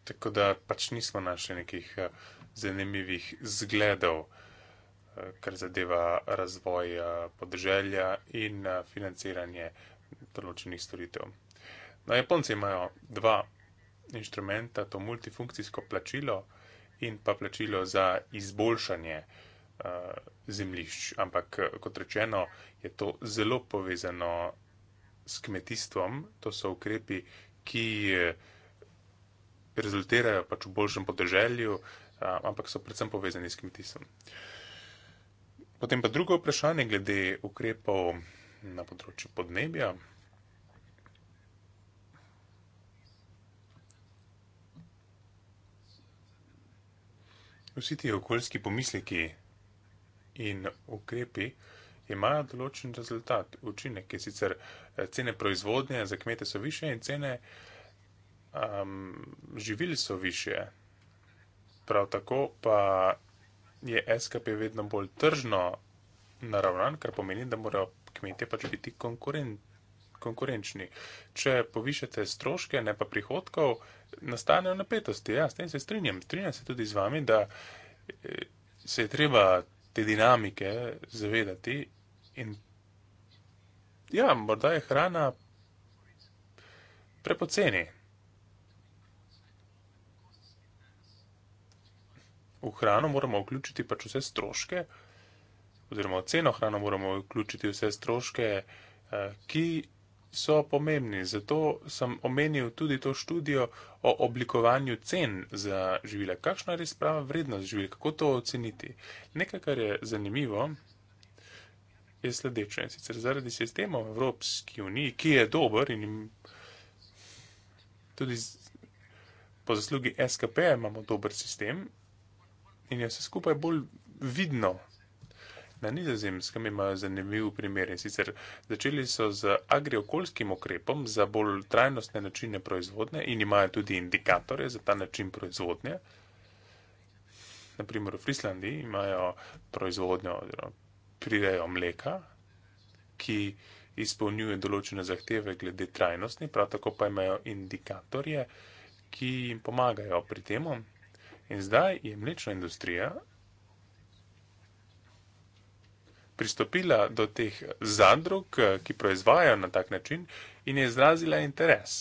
Tako da pač nismo našli nekih uh, zanimivih zgledov, eh, kar zadeva razvoj eh, podeželja in eh, financiranje določenih storitev. Na no, Japonci imajo dva inštrumenta, to multifunkcijsko plačilo in pa plačilo za izboljšanje zemlišč, ampak kot rečeno, je to zelo povezano s kmetijstvom, to so ukrepi, ki rezultirajo pač v boljšem podeželju, ampak so predvsem povezani s kmetijstvom. Potem pa drugo vprašanje glede ukrepov na področju podnebja. Vsi ti okoljski pomisleki in ukrepi imajo določen rezultat. Učinek je sicer eh, cene proizvodnje za kmete so više in cene um, živili so više, Prav tako pa je SKP vedno bolj tržno naravnan, kar pomeni, da morajo kmetje pač biti konkurenti. Konkurenčni. Če povišate stroške, ne pa prihodkov, nastanejo napetosti. Ja, s tem se strinjam. Strinjam se tudi z vami, da eh, se je treba te dinamike zavedati. In ja, morda je hrana prepoceni. v hrano moramo vključiti pač vse stroške, oziroma v ceno hrano moramo vključiti vse stroške, eh, ki so pomembni. Zato sem omenil tudi to študijo o oblikovanju cen za živile. Kakšna je res prava vrednost živil, kako to oceniti? Nekaj, kar je zanimivo, je sledeče. Sicer zaradi sistemov Evropski uniji, ki je dober in tudi po zaslugi SKP imamo dober sistem, in je vse skupaj bolj vidno. Na nizozemskem imajo zanimiv primer in sicer začeli so z agriokolskim okrepom za bolj trajnostne načine proizvodnje in imajo tudi indikatorje za ta način proizvodnje. Naprimer, v Frislandiji imajo proizvodnjo prirejo mleka, ki izpolnjuje določene zahteve glede trajnosti, prav tako pa imajo indikatorje, ki jim pomagajo pri temu. In zdaj je mlečna industrija pristopila do teh zadrug, ki proizvajajo na tak način in je izrazila interes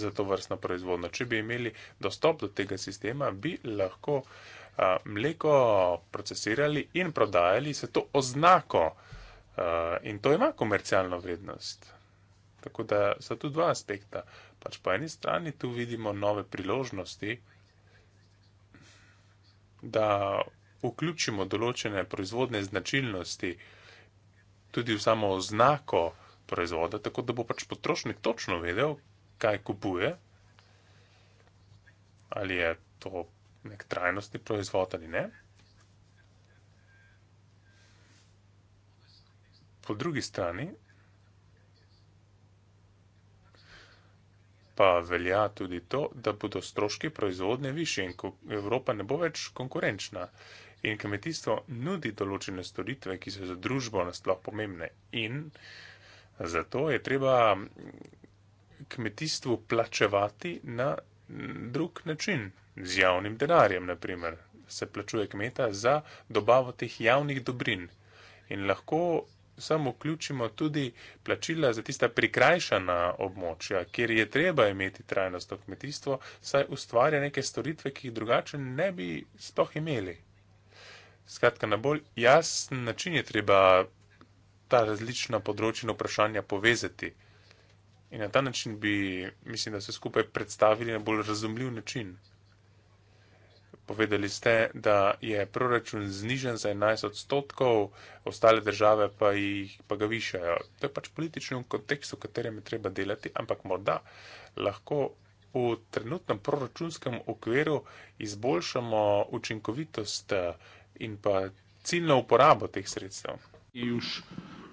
za to vrstno proizvodno. Če bi imeli dostop do tega sistema, bi lahko a, mleko procesirali in prodajali se to oznako a, in to ima komercialno vrednost. Tako da so tu dva aspekta. Pač po eni strani tu vidimo nove priložnosti da vključimo določene proizvodne značilnosti tudi v samo oznako proizvoda, tako da bo pač potrošnik točno vedel, kaj kupuje, ali je to nek trajnostni proizvod ali ne. Po drugi strani pa velja tudi to, da bodo stroški proizvodne više in ko Evropa ne bo več konkurenčna. In kmetijstvo nudi določene storitve, ki so za družbo nasploh pomembne. In zato je treba kmetijstvu plačevati na drug način, z javnim denarjem, naprimer. Se plačuje kmeta za dobavo teh javnih dobrin. In lahko sem vključimo tudi plačila za tista prikrajšana območja, kjer je treba imeti trajnostno kmetijstvo, saj ustvarja neke storitve, ki jih drugače ne bi stoh imeli. Skratka, na bolj jasen način je treba ta različna področja in vprašanja povezati. In na ta način bi, mislim, da se skupaj predstavili na bolj razumljiv način. Povedali ste, da je proračun znižen za 11 odstotkov, ostale države pa jih pa ga višajo. To je pač politično kontekst, v katerem je treba delati, ampak morda lahko v trenutnem proračunskem okviru izboljšamo učinkovitost eh, in pa ciljno uporabo teh sredstev. Juž,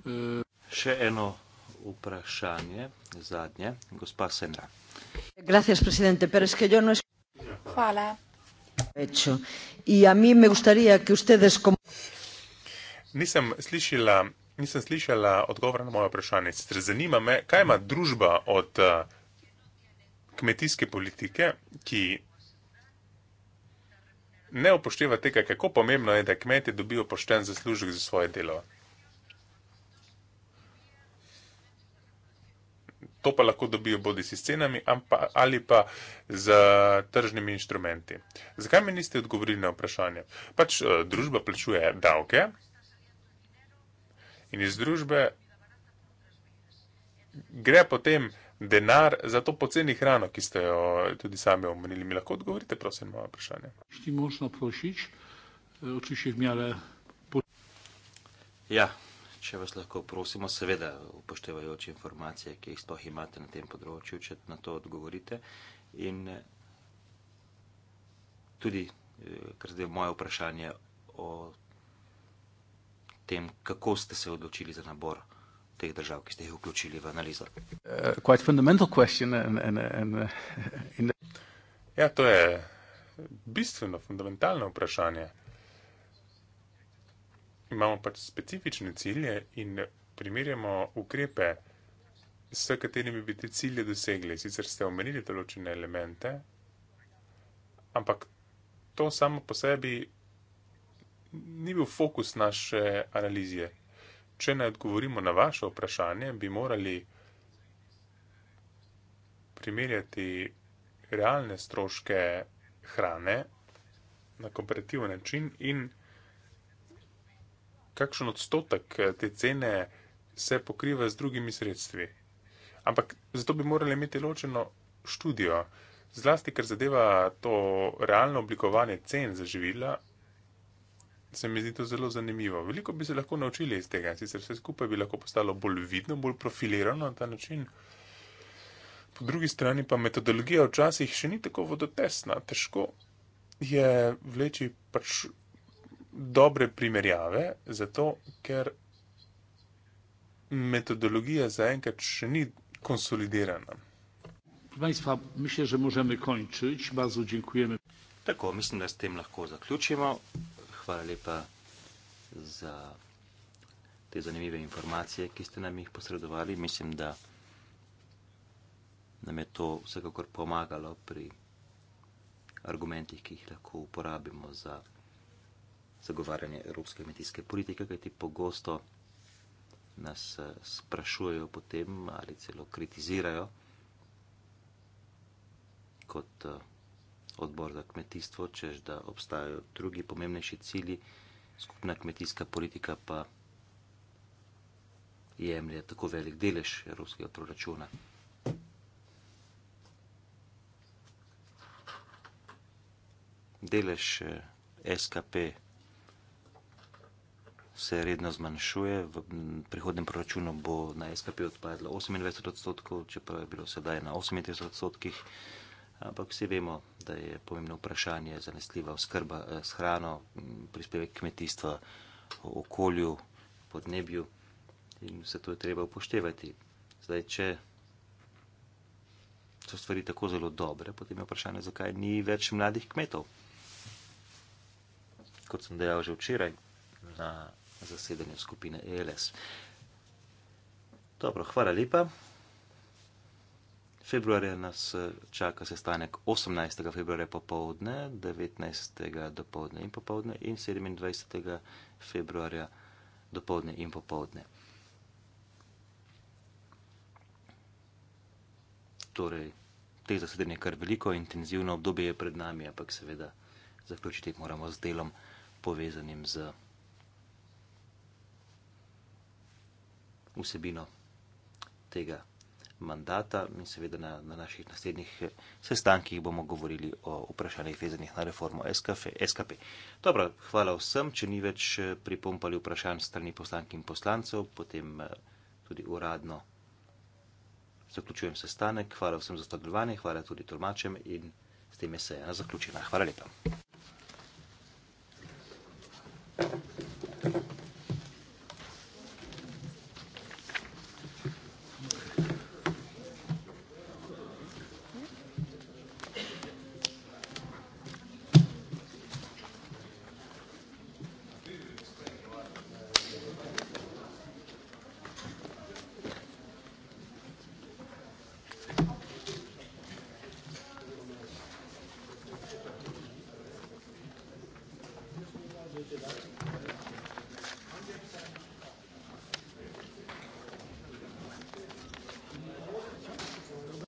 e... Še eno vprašanje, zadnje, gospa Sena. No Hvala hecho. Y a mí me gustaría que ustedes como... Nisem slišala, nisem slišala odgovor na moje vprašanje. Sicer zanima me, kaj ima družba od eh, kmetijske politike, ki ne upošteva tega, kako pomembno je, da kmetje dobijo pošten zaslužek za svoje delo. to pa lahko dobijo bodi si s cenami pa, ali pa z tržnimi inštrumenti. Zakaj mi niste odgovorili na vprašanje? Pač eh, družba plačuje davke in iz družbe gre potem denar za to poceni hrano, ki ste jo tudi sami omenili. Mi lahko odgovorite, prosim, na vprašanje. Eh, ja, če vas lahko prosimo, seveda upoštevajoče informacije, ki jih sploh imate na tem področju, če na to odgovorite. In tudi, eh, kar zdaj moje vprašanje o tem, kako ste se odločili za nabor teh držav, ki ste jih vključili v analizo. Eh, eh, ja, to je bistveno, fundamentalno vprašanje imamo pač specifične cilje in primerjamo ukrepe, s katerimi bi te cilje dosegli. Sicer ste omenili določene elemente, ampak to samo po sebi ni bil fokus naše analize. Če ne odgovorimo na vaše vprašanje, bi morali primerjati realne stroške hrane na komparativen način in kakšen odstotek eh, te cene se pokriva z drugimi sredstvi. Ampak zato bi morali imeti ločeno študijo, zlasti ker zadeva to realno oblikovanje cen za živila, se mi zdi to zelo zanimivo. Veliko bi se lahko naučili iz tega, sicer vse skupaj bi lahko postalo bolj vidno, bolj profilirano na ta način. Po drugi strani pa metodologija včasih še ni tako vodotesna, težko je vleči pač dobre primerjave, zato ker metodologija zaenkrat še ni konsolidirana. Państwa, myślę, że możemy kończyć. Bardzo dziękujemy. Tak, myślę, że z tym lahko zakończymy. Chwała lepa za te zanimive informacje, które nam ich posredowali. Myślę, że nam je to wszystko pomagało przy argumentach, które lahko uporabimy za zagovarjanje evropske kmetijske politike, kajti pogosto nas eh, sprašujejo potem ali celo kritizirajo kot eh, odbor za kmetijstvo, čež da obstajajo drugi pomembnejši cili, skupna kmetijska politika pa jemlje tako velik delež evropskega proračuna. Delež eh, SKP se redno zmanjšuje, v prihodnem proračunu bo na SKP odpadlo 28 odstotkov, čeprav je bilo sedaj na 38 odstotkih. Ampak vsi vemo, da je pomembno vprašanje zanesljiva oskrba eh, s hrano, prispevek kmetijstva, okolju, podnebju in vse to je treba upoštevati. Zdaj, če so stvari tako zelo dobre, potem je vprašanje, zakaj ni več mladih kmetov. Kot sem dejal že včeraj na zasedanju skupine ELS. Dobro, hvala lepa. Februarja nas čaka sestanek 18. februarja popovdne, 19. dopovdne in popovdne in 27. februarja dopovdne in popovdne. Torej, te zasedanje je kar veliko, intenzivno obdobje je pred nami, ampak seveda zaključiti moramo z delom povezanim z. vsebino tega mandata in seveda na, na naših naslednjih eh, sestankih bomo govorili o vprašanjih vezanih na reformo SKF, SKP. Dobro, hvala vsem, če ni več eh, pripompali vprašanj strani poslank in poslancev, potem eh, tudi uradno zaključujem sestanek. Hvala vsem za sodelovanje, hvala tudi tolmačem in s tem je sejena zaključena. Hvala lepa. Thank you.